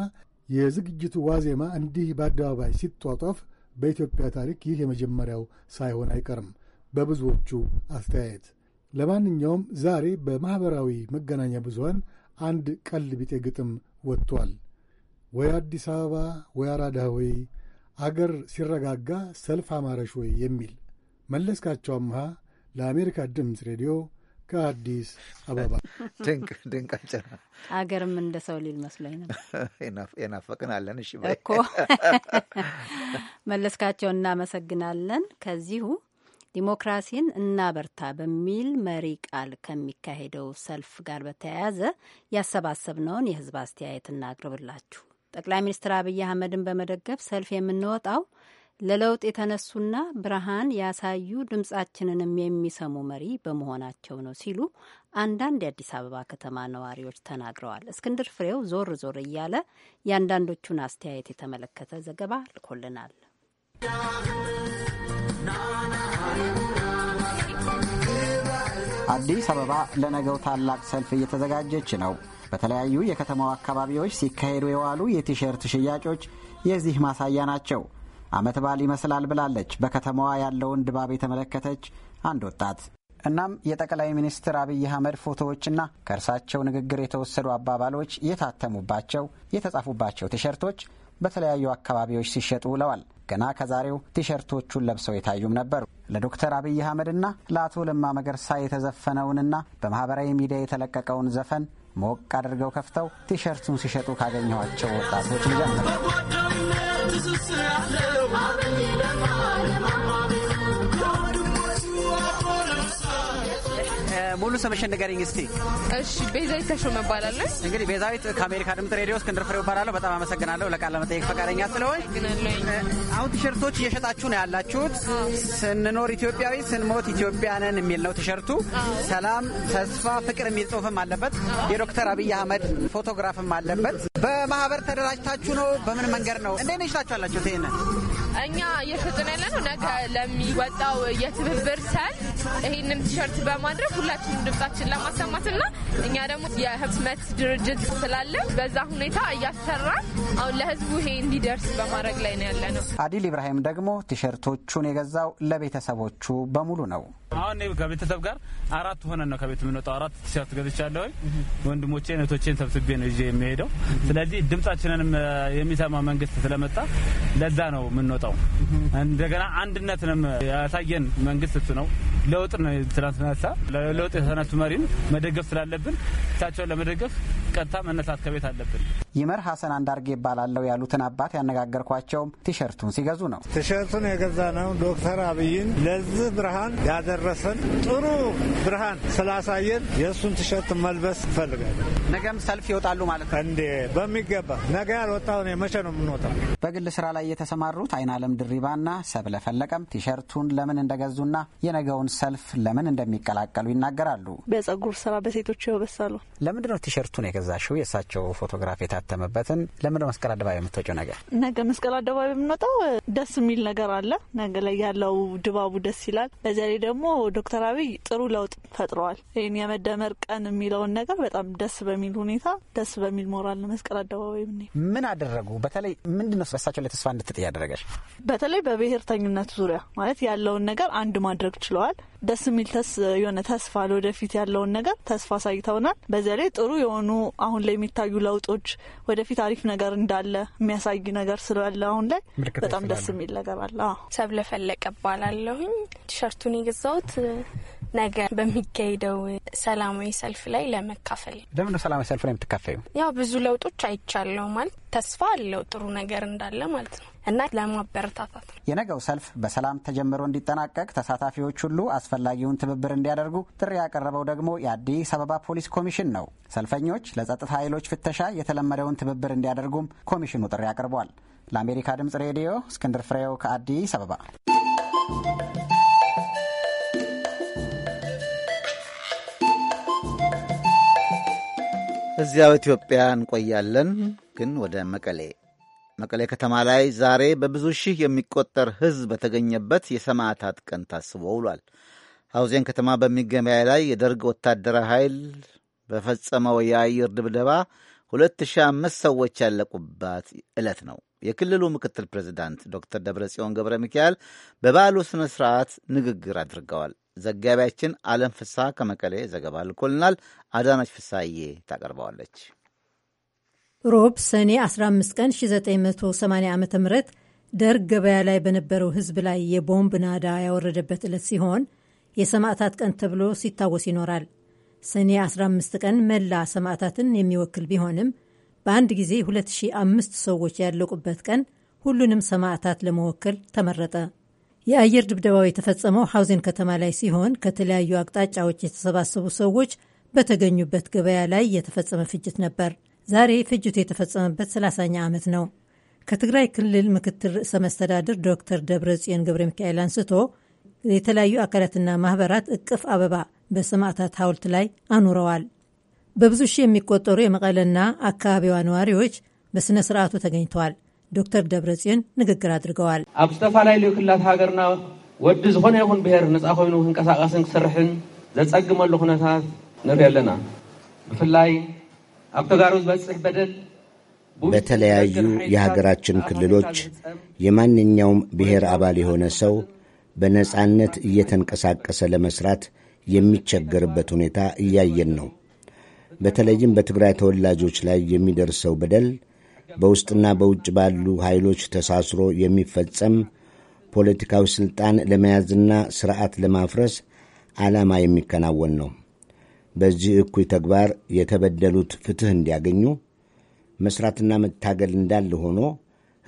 የዝግጅቱ ዋዜማ እንዲህ በአደባባይ ሲጧጧፍ በኢትዮጵያ ታሪክ ይህ የመጀመሪያው ሳይሆን አይቀርም በብዙዎቹ አስተያየት። ለማንኛውም ዛሬ በማኅበራዊ መገናኛ ብዙሃን አንድ ቀል ቢጤ ግጥም ወጥቷል። ወይ አዲስ አበባ ወይ አራዳ ወይ አገር ሲረጋጋ ሰልፍ አማረሽ ወይ የሚል መለስካቸው አምሃ ለአሜሪካ ድምፅ ሬዲዮ ከአዲስ አበባ። ድንቅ ድንቅ አጭራ አገርም እንደ ሰው ሊል መስሎኝ ነበር። የናፈቅናለን። እሺ እኮ መለስካቸው እናመሰግናለን። ከዚሁ ዲሞክራሲን እናበርታ በሚል መሪ ቃል ከሚካሄደው ሰልፍ ጋር በተያያዘ ያሰባሰብነውን የህዝብ አስተያየት እናቅርብላችሁ። ጠቅላይ ሚኒስትር አብይ አህመድን በመደገፍ ሰልፍ የምንወጣው ለለውጥ የተነሱና ብርሃን ያሳዩ ድምጻችንንም የሚሰሙ መሪ በመሆናቸው ነው ሲሉ አንዳንድ የአዲስ አበባ ከተማ ነዋሪዎች ተናግረዋል። እስክንድር ፍሬው ዞር ዞር እያለ የአንዳንዶቹን አስተያየት የተመለከተ ዘገባ ልኮልናል። አዲስ አበባ ለነገው ታላቅ ሰልፍ እየተዘጋጀች ነው። በተለያዩ የከተማው አካባቢዎች ሲካሄዱ የዋሉ የቲሸርት ሽያጮች የዚህ ማሳያ ናቸው። አመት በዓል ይመስላል ብላለች በከተማዋ ያለውን ድባብ የተመለከተች አንድ ወጣት። እናም የጠቅላይ ሚኒስትር አብይ አህመድ ፎቶዎችና ከእርሳቸው ንግግር የተወሰዱ አባባሎች የታተሙባቸው የተጻፉባቸው ቲሸርቶች በተለያዩ አካባቢዎች ሲሸጡ ውለዋል። ገና ከዛሬው ቲሸርቶቹን ለብሰው የታዩም ነበሩ። ለዶክተር አብይ አህመድና ለአቶ ለማ መገርሳ የተዘፈነውንና በማኅበራዊ ሚዲያ የተለቀቀውን ዘፈን ሞቅ አድርገው ከፍተው ቲሸርቱን ሲሸጡ ካገኘኋቸው ወጣቶች ልጀምር። 这是自然而然。ሙሉ ስምሽን ንገሪኝ እስቲ። እሺ ቤዛዊት ተሾመ እባላለሁ። እንግዲህ ቤዛዊት ከአሜሪካ ድምጽ ሬዲዮ እስክንድር ፍሬው እባላለሁ። በጣም አመሰግናለሁ ለቃለ መጠየቅ ፈቃደኛ ስለሆን። አሁን ቲሸርቶች እየሸጣችሁ ነው ያላችሁት። ስንኖር ኢትዮጵያዊ ስንሞት ኢትዮጵያንን የሚል ነው ቲሸርቱ። ሰላም፣ ተስፋ፣ ፍቅር የሚል ጽሁፍም አለበት። የዶክተር አብይ አህመድ ፎቶግራፍም አለበት። በማህበር ተደራጅታችሁ ነው? በምን መንገድ ነው? እንዴት ነሽታችኋላችሁ? እኛ እየሸጥን ያለ ነው። ነገ ለሚወጣው የትብብር ሰል ይህንን ቲሸርት በማድረግ ሁላችንም ድምጻችን ለማሰማትና እኛ ደግሞ የህትመት ድርጅት ስላለን በዛ ሁኔታ እያሰራን አሁን ለህዝቡ ይሄ እንዲደርስ በማድረግ ላይ ነው ያለ ነው። አዲል ኢብራሂም ደግሞ ቲሸርቶቹን የገዛው ለቤተሰቦቹ በሙሉ ነው። አሁን ከቤተሰብ ጋር አራት ሆነን ነው ከቤት የምንወጣው። አራት ቲሸርት ገዝቻለሁ። ወንድሞቼን እህቶቼን ሰብስቤ ነው ይዤ የሚሄደው። ስለዚህ ድምጻችንንም የሚሰማ መንግስት ስለመጣ ለዛ ነው የምንወጣው። እንደገና አንድነትንም ያሳየን መንግስት እሱ ነው። ለውጥ ነው ስላንስነሳ ለውጥ የተነሱ መሪን መደገፍ ስላለብን እሳቸውን ለመደገፍ ቀጥታ መነሳት ከቤት አለብን። ይመር ሀሰን አንዳርጌ ይባላለው ያሉትን አባት ያነጋገርኳቸውም ቲሸርቱን ሲገዙ ነው። ቲሸርቱን የገዛ ነው ዶክተር አብይን ለዚህ ብርሃን ያደረ ስላደረሰን ጥሩ ብርሃን ስላሳየን የእሱን ትሸት መልበስ እፈልጋለሁ። ነገም ሰልፍ ይወጣሉ ማለት ነው እንዴ? በሚገባ ነገ ያልወጣው መቼ ነው የምንወጣው? በግል ስራ ላይ የተሰማሩት አይን አለም ድሪባና ሰብለ ፈለቀም ቲሸርቱን ለምን እንደገዙና የነገውን ሰልፍ ለምን እንደሚቀላቀሉ ይናገራሉ። በጸጉር ስራ በሴቶች ይወበሳሉ። ለምንድን ነው ቲሸርቱን የገዛሽው? የእሳቸው ፎቶግራፍ የታተመበትን ለምንድን ነው መስቀል አደባባይ የምትወጪው? ነገር ነገ መስቀል አደባባይ የምንወጣው ደስ የሚል ነገር አለ። ነገ ላይ ያለው ድባቡ ደስ ይላል። በዚያ ላይ ደግሞ ዶክተር አብይ ጥሩ ለውጥ ፈጥረዋል። ይህን የመደመር ቀን የሚለውን ነገር በጣም ደስ በሚል ሁኔታ ደስ በሚል ሞራል ለመስቀል አደባባይ ምን ምን አደረጉ? በተለይ ምንድን ነው በሳቸው ላይ ተስፋ እንድትጥ ያደረገች? በተለይ በብሔርተኝነት ዙሪያ ማለት ያለውን ነገር አንድ ማድረግ ችለዋል። ደስ የሚል የሆነ ተስፋ ለወደፊት ያለውን ነገር ተስፋ አሳይተውናል። በዚያ ላይ ጥሩ የሆኑ አሁን ላይ የሚታዩ ለውጦች ወደፊት አሪፍ ነገር እንዳለ የሚያሳይ ነገር ስላለ አሁን ላይ በጣም ደስ የሚል ነገር አለ። ሰብለ ፈለቀ እባላለሁኝ። ቲሸርቱን የገዛው የመጣሁት ነገ በሚካሄደው ሰላማዊ ሰልፍ ላይ ለመካፈል። ለምን ሰላማዊ ሰልፍ ላይ የምትካፈዩ? ያው ብዙ ለውጦች አይቻለሁ ማለት ተስፋ አለው ጥሩ ነገር እንዳለ ማለት ነው እና ለማበረታታት ነው። የነገው ሰልፍ በሰላም ተጀምሮ እንዲጠናቀቅ ተሳታፊዎች ሁሉ አስፈላጊውን ትብብር እንዲያደርጉ ጥሪ ያቀረበው ደግሞ የአዲስ አበባ ፖሊስ ኮሚሽን ነው። ሰልፈኞች ለጸጥታ ኃይሎች ፍተሻ የተለመደውን ትብብር እንዲያደርጉም ኮሚሽኑ ጥሪ አቅርቧል። ለአሜሪካ ድምጽ ሬዲዮ እስክንድር ፍሬው ከአዲስ አበባ እዚያው ኢትዮጵያ እንቆያለን፣ ግን ወደ መቀሌ መቀሌ ከተማ ላይ ዛሬ በብዙ ሺህ የሚቆጠር ሕዝብ በተገኘበት የሰማዕታት ቀን ታስቦ ውሏል። ሐውዜን ከተማ በሚገበያ ላይ የደርግ ወታደራዊ ኃይል በፈጸመው የአየር ድብደባ 2005 ሰዎች ያለቁባት ዕለት ነው። የክልሉ ምክትል ፕሬዚዳንት ዶክተር ደብረጽዮን ገብረ ሚካኤል በበዓሉ ሥነ ሥርዓት ንግግር አድርገዋል። ዘጋቢያችን አለም ፍስሐ ከመቀሌ ዘገባ ልኮልናል። አዳነች ፍስሐዬ ታቀርበዋለች። ሮብ ሰኔ 15 ቀን 1980 ዓ ም ደርግ ገበያ ላይ በነበረው ህዝብ ላይ የቦምብ ናዳ ያወረደበት ዕለት ሲሆን የሰማዕታት ቀን ተብሎ ሲታወስ ይኖራል። ሰኔ 15 ቀን መላ ሰማዕታትን የሚወክል ቢሆንም በአንድ ጊዜ 2005 ሰዎች ያለቁበት ቀን ሁሉንም ሰማዕታት ለመወከል ተመረጠ። የአየር ድብደባው የተፈጸመው ሐውዜን ከተማ ላይ ሲሆን ከተለያዩ አቅጣጫዎች የተሰባሰቡ ሰዎች በተገኙበት ገበያ ላይ የተፈጸመ ፍጅት ነበር። ዛሬ ፍጅቱ የተፈጸመበት 30ኛ ዓመት ነው። ከትግራይ ክልል ምክትል ርዕሰ መስተዳድር ዶክተር ደብረ ጽዮን ገብረ ሚካኤል አንስቶ የተለያዩ አካላትና ማህበራት እቅፍ አበባ በሰማዕታት ሐውልት ላይ አኑረዋል። በብዙ ሺህ የሚቆጠሩ የመቀለና አካባቢዋ ነዋሪዎች በሥነ ሥርዓቱ ተገኝተዋል። ዶክተር ደብረጽዮን ንግግር አድርገዋል። ኣብ ዝተፈላለዩ ክላት ሃገርና ወዲ ዝኾነ ይኹን ብሄር ነፃ ኮይኑ ክንቀሳቀስን ክስርሕን ዘፀግመሉ ኩነታት ንሪኢ ኣለና። ብፍላይ ኣብ ተጋሩ ዝበፅሕ በደል በተለያዩ የሀገራችን ክልሎች የማንኛውም ብሔር አባል የሆነ ሰው በነፃነት እየተንቀሳቀሰ ለመስራት የሚቸገርበት ሁኔታ እያየን ነው። በተለይም በትግራይ ተወላጆች ላይ የሚደርሰው በደል በውስጥና በውጭ ባሉ ኃይሎች ተሳስሮ የሚፈጸም ፖለቲካዊ ሥልጣን ለመያዝና ሥርዓት ለማፍረስ ዓላማ የሚከናወን ነው። በዚህ እኩይ ተግባር የተበደሉት ፍትሕ እንዲያገኙ መሥራትና መታገል እንዳለ ሆኖ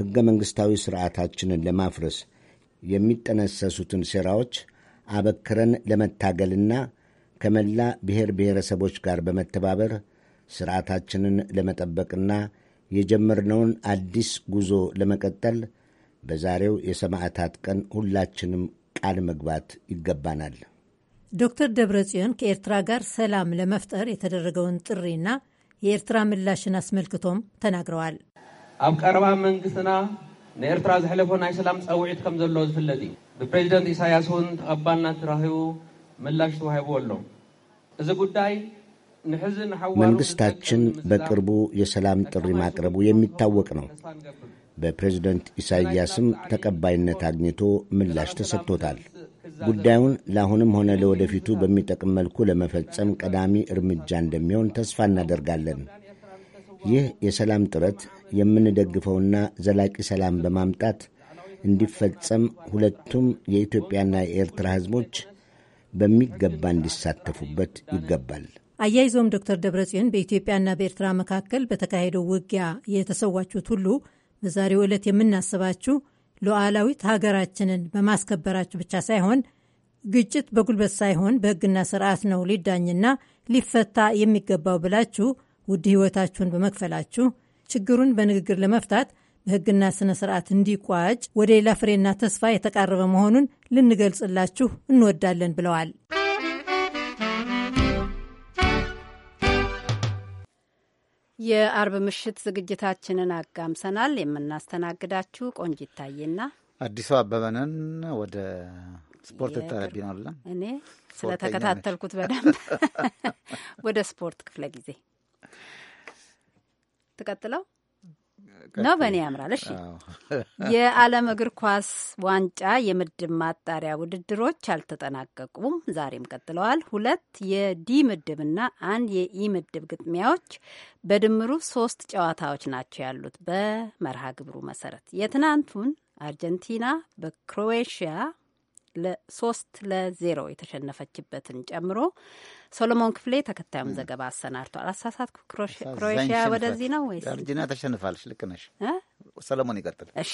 ሕገ መንግሥታዊ ሥርዓታችንን ለማፍረስ የሚጠነሰሱትን ሴራዎች አበክረን ለመታገልና ከመላ ብሔር ብሔረሰቦች ጋር በመተባበር ሥርዓታችንን ለመጠበቅና የጀመርነውን አዲስ ጉዞ ለመቀጠል በዛሬው የሰማዕታት ቀን ሁላችንም ቃል መግባት ይገባናል። ዶክተር ደብረጽዮን ከኤርትራ ጋር ሰላም ለመፍጠር የተደረገውን ጥሪና የኤርትራ ምላሽን አስመልክቶም ተናግረዋል። ኣብ ቀረባ መንግስትና ንኤርትራ ዘሕለፎ ናይ ሰላም ፀውዒት ከም ዘሎ ዝፍለጥ እዩ ብፕሬዚደንት ኢሳያስ እውን ተቐባልና ትራኺቡ ምላሽ ተዋሂቡ ኣሎ እዚ ጉዳይ መንግሥታችን በቅርቡ የሰላም ጥሪ ማቅረቡ የሚታወቅ ነው። በፕሬዝደንት ኢሳይያስም ተቀባይነት አግኝቶ ምላሽ ተሰጥቶታል። ጉዳዩን ለአሁንም ሆነ ለወደፊቱ በሚጠቅም መልኩ ለመፈጸም ቀዳሚ እርምጃ እንደሚሆን ተስፋ እናደርጋለን። ይህ የሰላም ጥረት የምንደግፈውና ዘላቂ ሰላም በማምጣት እንዲፈጸም ሁለቱም የኢትዮጵያና የኤርትራ ሕዝቦች በሚገባ እንዲሳተፉበት ይገባል። አያይዘውም ዶክተር ደብረጽዮን በኢትዮጵያና በኤርትራ መካከል በተካሄደው ውጊያ የተሰዋችሁት ሁሉ በዛሬው ዕለት የምናስባችሁ ሉዓላዊት ሀገራችንን በማስከበራችሁ ብቻ ሳይሆን ግጭት በጉልበት ሳይሆን በሕግና ስርዓት ነው ሊዳኝና ሊፈታ የሚገባው ብላችሁ ውድ ሕይወታችሁን በመክፈላችሁ ችግሩን በንግግር ለመፍታት በሕግና ስነ ስርዓት እንዲቋጭ ወደ ሌላ ፍሬና ተስፋ የተቃረበ መሆኑን ልንገልጽላችሁ እንወዳለን ብለዋል። የአርብ ምሽት ዝግጅታችንን አጋምሰናል። የምናስተናግዳችሁ ቆንጅ ይታየና አዲሱ አበበንን ወደ ስፖርት ተጠረቢ ነው አለ እኔ ስለተከታተልኩት በደንብ [LAUGHS] ወደ ስፖርት ክፍለ ጊዜ ትቀጥለው ነው በእኔ ያምራል። እሺ [LAUGHS] የዓለም እግር ኳስ ዋንጫ የምድብ ማጣሪያ ውድድሮች አልተጠናቀቁም፣ ዛሬም ቀጥለዋል። ሁለት የዲ ምድብና አንድ የኢ ምድብ ግጥሚያዎች በድምሩ ሶስት ጨዋታዎች ናቸው ያሉት በመርሃ ግብሩ መሰረት የትናንቱን አርጀንቲና በክሮኤሽያ ሶስት ለዜሮ የተሸነፈችበትን ጨምሮ ሶሎሞን ክፍሌ ተከታዩን ዘገባ አሰናድቷል። አሳሳት ክሮኤሽያ ወደዚህ ነው ወይስ አርጀንቲና? ተሸንፋለች። ልክ ነሽ። ሰለሞን ይቀጥል። እሺ።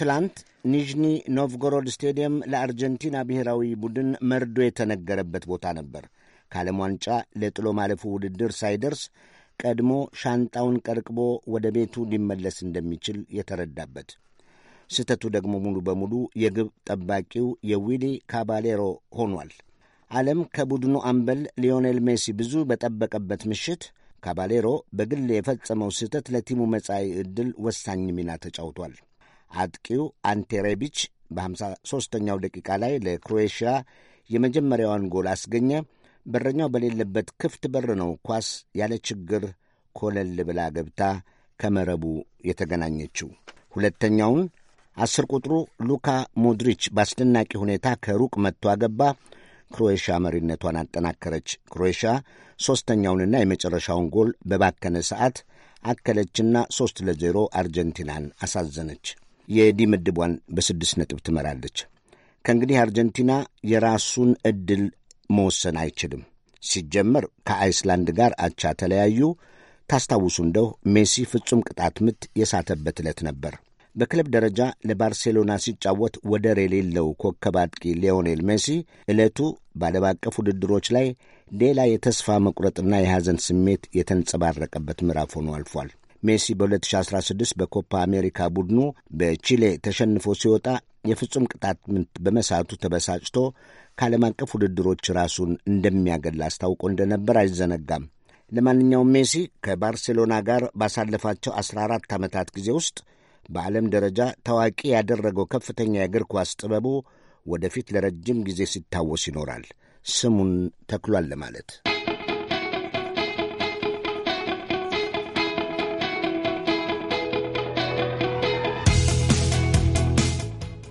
ትላንት ኒዥኒ ኖቭጎሮድ ስቴዲየም ለአርጀንቲና ብሔራዊ ቡድን መርዶ የተነገረበት ቦታ ነበር። ከዓለም ዋንጫ ለጥሎ ማለፉ ውድድር ሳይደርስ ቀድሞ ሻንጣውን ቀርቅቦ ወደ ቤቱ ሊመለስ እንደሚችል የተረዳበት ስህተቱ ደግሞ ሙሉ በሙሉ የግብ ጠባቂው የዊሊ ካባሌሮ ሆኗል። ዓለም ከቡድኑ አምበል ሊዮኔል ሜሲ ብዙ በጠበቀበት ምሽት ካባሌሮ በግል የፈጸመው ስህተት ለቲሙ መጻኢ ዕድል ወሳኝ ሚና ተጫውቷል። አጥቂው አንቴሬቢች በ53ኛው ደቂቃ ላይ ለክሮኤሽያ የመጀመሪያዋን ጎል አስገኘ። በረኛው በሌለበት ክፍት በር ነው ኳስ ያለ ችግር ኮለል ብላ ገብታ ከመረቡ የተገናኘችው። ሁለተኛውን አስር ቁጥሩ ሉካ ሞድሪች በአስደናቂ ሁኔታ ከሩቅ መጥቶ አገባ። ክሮኤሽያ መሪነቷን አጠናከረች። ክሮኤሽያ ሦስተኛውንና የመጨረሻውን ጎል በባከነ ሰዓት አከለችና ሦስት ለዜሮ አርጀንቲናን አሳዘነች። የዲ ምድቧን በስድስት ነጥብ ትመራለች። ከእንግዲህ አርጀንቲና የራሱን ዕድል መወሰን አይችልም። ሲጀመር ከአይስላንድ ጋር አቻ ተለያዩ። ታስታውሱ እንደው ሜሲ ፍጹም ቅጣት ምት የሳተበት ዕለት ነበር። በክለብ ደረጃ ለባርሴሎና ሲጫወት ወደር የሌለው ኮከብ አጥቂ ሊዮኔል ሜሲ ዕለቱ በዓለም አቀፍ ውድድሮች ላይ ሌላ የተስፋ መቁረጥና የሐዘን ስሜት የተንጸባረቀበት ምዕራፍ ሆኖ አልፏል። ሜሲ በ2016 በኮፓ አሜሪካ ቡድኑ በቺሌ ተሸንፎ ሲወጣ የፍጹም ቅጣት ምት በመሳቱ ተበሳጭቶ ከዓለም አቀፍ ውድድሮች ራሱን እንደሚያገል አስታውቆ እንደነበር አይዘነጋም። ለማንኛውም ሜሲ ከባርሴሎና ጋር ባሳለፋቸው 14 ዓመታት ጊዜ ውስጥ በዓለም ደረጃ ታዋቂ ያደረገው ከፍተኛ የእግር ኳስ ጥበቡ ወደፊት ለረጅም ጊዜ ሲታወስ ይኖራል። ስሙን ተክሏል ለማለት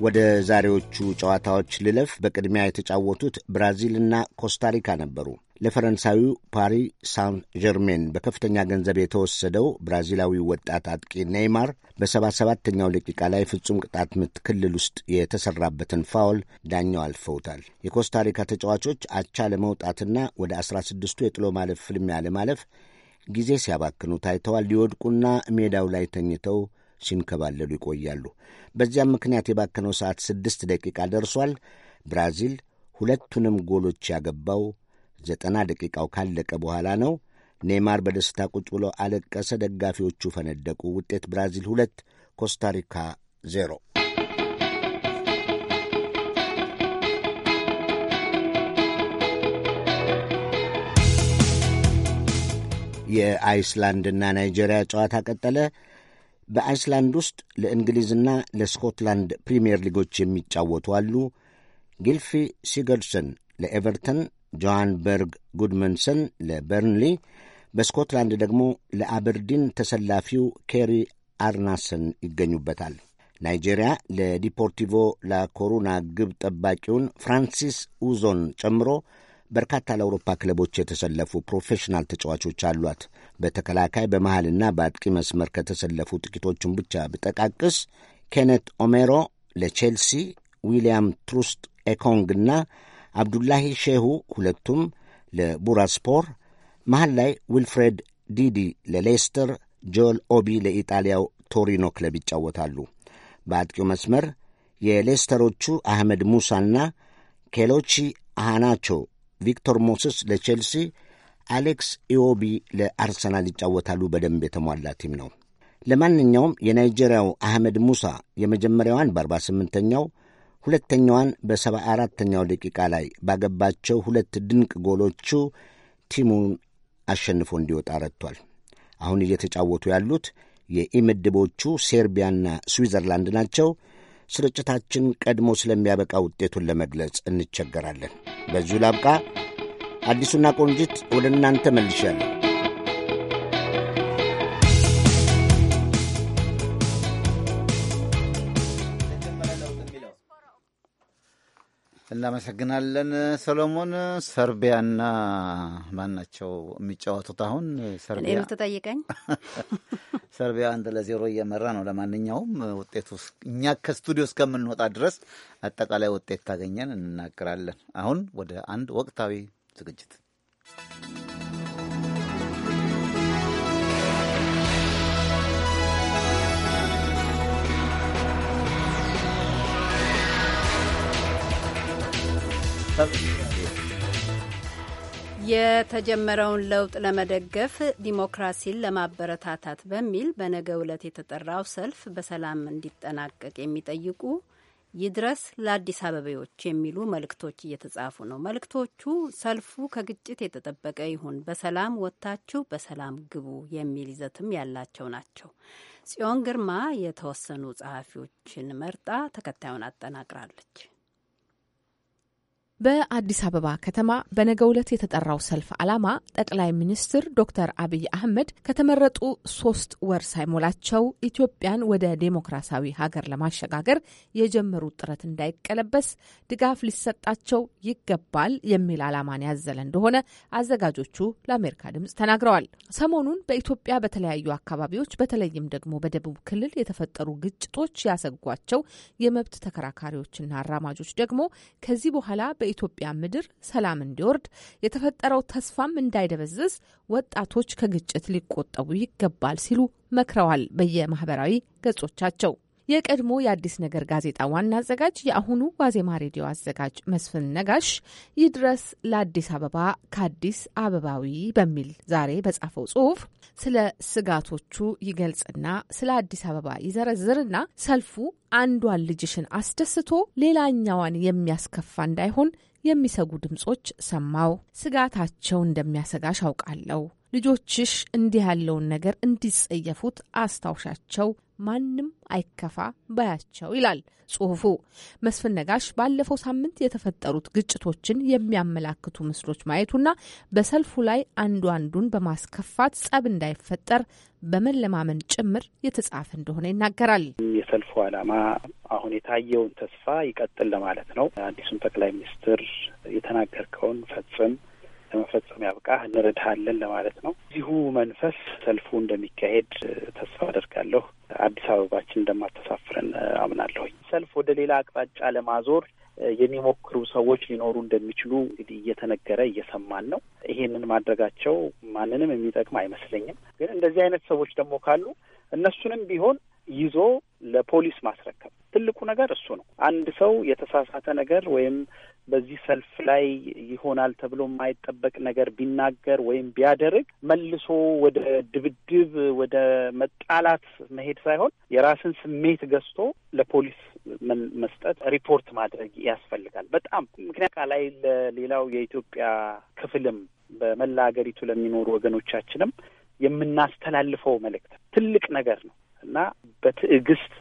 ወደ ዛሬዎቹ ጨዋታዎች ልለፍ። በቅድሚያ የተጫወቱት ብራዚልና ኮስታሪካ ነበሩ። ለፈረንሳዊው ፓሪ ሳን ጀርሜን በከፍተኛ ገንዘብ የተወሰደው ብራዚላዊ ወጣት አጥቂ ኔይማር በሰባ 77 ደቂቃ ላይ ፍጹም ቅጣት ምት ክልል ውስጥ የተሰራበትን ፋውል ዳኛው አልፈውታል። የኮስታሪካ ተጫዋቾች አቻ ለመውጣትና ወደ 16 ስድስቱ የጥሎ ማለፍ ፍልሚያ ለማለፍ ጊዜ ሲያባክኑ ታይተዋል። ሊወድቁና ሜዳው ላይ ተኝተው ሲንከባለሉ ይቆያሉ። በዚያም ምክንያት የባከነው ሰዓት ስድስት ደቂቃ ደርሷል። ብራዚል ሁለቱንም ጎሎች ያገባው ዘጠና ደቂቃው ካለቀ በኋላ ነው። ኔይማር በደስታ ቁጭ ብሎ አለቀሰ። ደጋፊዎቹ ፈነደቁ። ውጤት ብራዚል ሁለት ኮስታሪካ ዜሮ። የአይስላንድና ናይጄሪያ ጨዋታ ቀጠለ። በአይስላንድ ውስጥ ለእንግሊዝና ለስኮትላንድ ፕሪምየር ሊጎች የሚጫወቱ አሉ። ጊልፊ ሲገርሰን ለኤቨርተን፣ ጆሃንበርግ ጉድመንሰን ለበርንሊ፣ በስኮትላንድ ደግሞ ለአበርዲን ተሰላፊው ኬሪ አርናሰን ይገኙበታል። ናይጄሪያ ለዲፖርቲቮ ላኮሩና ግብ ጠባቂውን ፍራንሲስ ኡዞን ጨምሮ በርካታ ለአውሮፓ ክለቦች የተሰለፉ ፕሮፌሽናል ተጫዋቾች አሏት። በተከላካይ በመሃልና በአጥቂ መስመር ከተሰለፉ ጥቂቶቹን ብቻ ብጠቃቅስ ኬነት ኦሜሮ ለቼልሲ፣ ዊልያም ትሩስት ኤኮንግ እና አብዱላሂ ሼሁ ሁለቱም ለቡራስፖር፣ መሃል ላይ ዊልፍሬድ ዲዲ ለሌስተር፣ ጆል ኦቢ ለኢጣሊያው ቶሪኖ ክለብ ይጫወታሉ። በአጥቂው መስመር የሌስተሮቹ አህመድ ሙሳና ኬሎቺ አህናቾ ቪክቶር ሞስስ ለቼልሲ፣ አሌክስ ኢዮቢ ለአርሰናል ይጫወታሉ። በደንብ የተሟላ ቲም ነው። ለማንኛውም የናይጄሪያው አህመድ ሙሳ የመጀመሪያዋን በ48ኛው ሁለተኛዋን በ74ተኛው ደቂቃ ላይ ባገባቸው ሁለት ድንቅ ጎሎቹ ቲሙን አሸንፎ እንዲወጣ ረድቷል። አሁን እየተጫወቱ ያሉት የኢምድቦቹ ሴርቢያና ስዊዘርላንድ ናቸው። ስርጭታችን ቀድሞ ስለሚያበቃ ውጤቱን ለመግለጽ እንቸገራለን። በዚሁ ላብቃ። አዲሱና ቆንጂት ወደ እናንተ መልሻለሁ። እናመሰግናለን ሰሎሞን። ሰርቢያና ማን ናቸው የሚጫወቱት አሁን? ሰርቢያ [LAUGHS] ሰርቢያ አንድ ለዜሮ እየመራ ነው። ለማንኛውም ውጤቱ እኛ ከስቱዲዮ እስከምንወጣ ድረስ አጠቃላይ ውጤት ታገኘን እንናገራለን። አሁን ወደ አንድ ወቅታዊ ዝግጅት ማሳሰብ የተጀመረውን ለውጥ ለመደገፍ ዲሞክራሲን ለማበረታታት በሚል በነገ ዕለት የተጠራው ሰልፍ በሰላም እንዲጠናቀቅ የሚጠይቁ ይድረስ ለአዲስ አበባዎች የሚሉ መልእክቶች እየተጻፉ ነው። መልእክቶቹ ሰልፉ ከግጭት የተጠበቀ ይሁን፣ በሰላም ወጥታችሁ በሰላም ግቡ የሚል ይዘትም ያላቸው ናቸው። ጽዮን ግርማ የተወሰኑ ጸሐፊዎችን መርጣ ተከታዩን አጠናቅራለች። በአዲስ አበባ ከተማ በነገ ዕለት የተጠራው ሰልፍ ዓላማ ጠቅላይ ሚኒስትር ዶክተር አብይ አህመድ ከተመረጡ ሶስት ወር ሳይሞላቸው ኢትዮጵያን ወደ ዴሞክራሲያዊ ሀገር ለማሸጋገር የጀመሩት ጥረት እንዳይቀለበስ ድጋፍ ሊሰጣቸው ይገባል የሚል ዓላማን ያዘለ እንደሆነ አዘጋጆቹ ለአሜሪካ ድምጽ ተናግረዋል። ሰሞኑን በኢትዮጵያ በተለያዩ አካባቢዎች በተለይም ደግሞ በደቡብ ክልል የተፈጠሩ ግጭቶች ያሰጓቸው የመብት ተከራካሪዎችና አራማጆች ደግሞ ከዚህ በኋላ በ በኢትዮጵያ ምድር ሰላም እንዲወርድ የተፈጠረው ተስፋም እንዳይደበዝዝ ወጣቶች ከግጭት ሊቆጠቡ ይገባል ሲሉ መክረዋል። በየማህበራዊ ገጾቻቸው የቀድሞ የአዲስ ነገር ጋዜጣ ዋና አዘጋጅ የአሁኑ ዋዜማ ሬዲዮ አዘጋጅ መስፍን ነጋሽ ይድረስ ለአዲስ አበባ ከአዲስ አበባዊ በሚል ዛሬ በጻፈው ጽሁፍ ስለ ስጋቶቹ ይገልጽና ስለ አዲስ አበባ ይዘረዝርና ሰልፉ አንዷን ልጅሽን አስደስቶ ሌላኛዋን የሚያስከፋ እንዳይሆን የሚሰጉ ድምጾች ሰማው። ስጋታቸው እንደሚያሰጋሽ አውቃለሁ። ልጆችሽ እንዲህ ያለውን ነገር እንዲጸየፉት አስታውሻቸው፣ ማንም አይከፋ ባያቸው ይላል ጽሁፉ። መስፍን ነጋሽ ባለፈው ሳምንት የተፈጠሩት ግጭቶችን የሚያመላክቱ ምስሎች ማየቱና በሰልፉ ላይ አንዱ አንዱን በማስከፋት ጸብ እንዳይፈጠር በመለማመን ጭምር የተጻፈ እንደሆነ ይናገራል። የሰልፉ ዓላማ አሁን የታየውን ተስፋ ይቀጥል ለማለት ነው። አዲሱን ጠቅላይ ሚኒስትር የተናገርከውን ፈጽም ለመፈጸም ያብቃ እንረዳሃለን ለማለት ነው። እዚሁ መንፈስ ሰልፉ እንደሚካሄድ ተስፋ አደርጋለሁ። አዲስ አበባችን እንደማተሳፍረን አምናለሁኝ። ሰልፍ ወደ ሌላ አቅጣጫ ለማዞር የሚሞክሩ ሰዎች ሊኖሩ እንደሚችሉ እንግዲህ እየተነገረ እየሰማን ነው። ይሄንን ማድረጋቸው ማንንም የሚጠቅም አይመስለኝም። ግን እንደዚህ አይነት ሰዎች ደግሞ ካሉ እነሱንም ቢሆን ይዞ ለፖሊስ ማስረከብ ትልቁ ነገር እሱ ነው። አንድ ሰው የተሳሳተ ነገር ወይም በዚህ ሰልፍ ላይ ይሆናል ተብሎ የማይጠበቅ ነገር ቢናገር ወይም ቢያደርግ መልሶ ወደ ድብድብ ወደ መጣላት መሄድ ሳይሆን የራስን ስሜት ገዝቶ ለፖሊስ መስጠት፣ ሪፖርት ማድረግ ያስፈልጋል በጣም ምክንያት ላይ ለሌላው የኢትዮጵያ ክፍልም በመላ ሀገሪቱ ለሚኖሩ ወገኖቻችንም የምናስተላልፈው መልእክት ትልቅ ነገር ነው እና በትዕግስት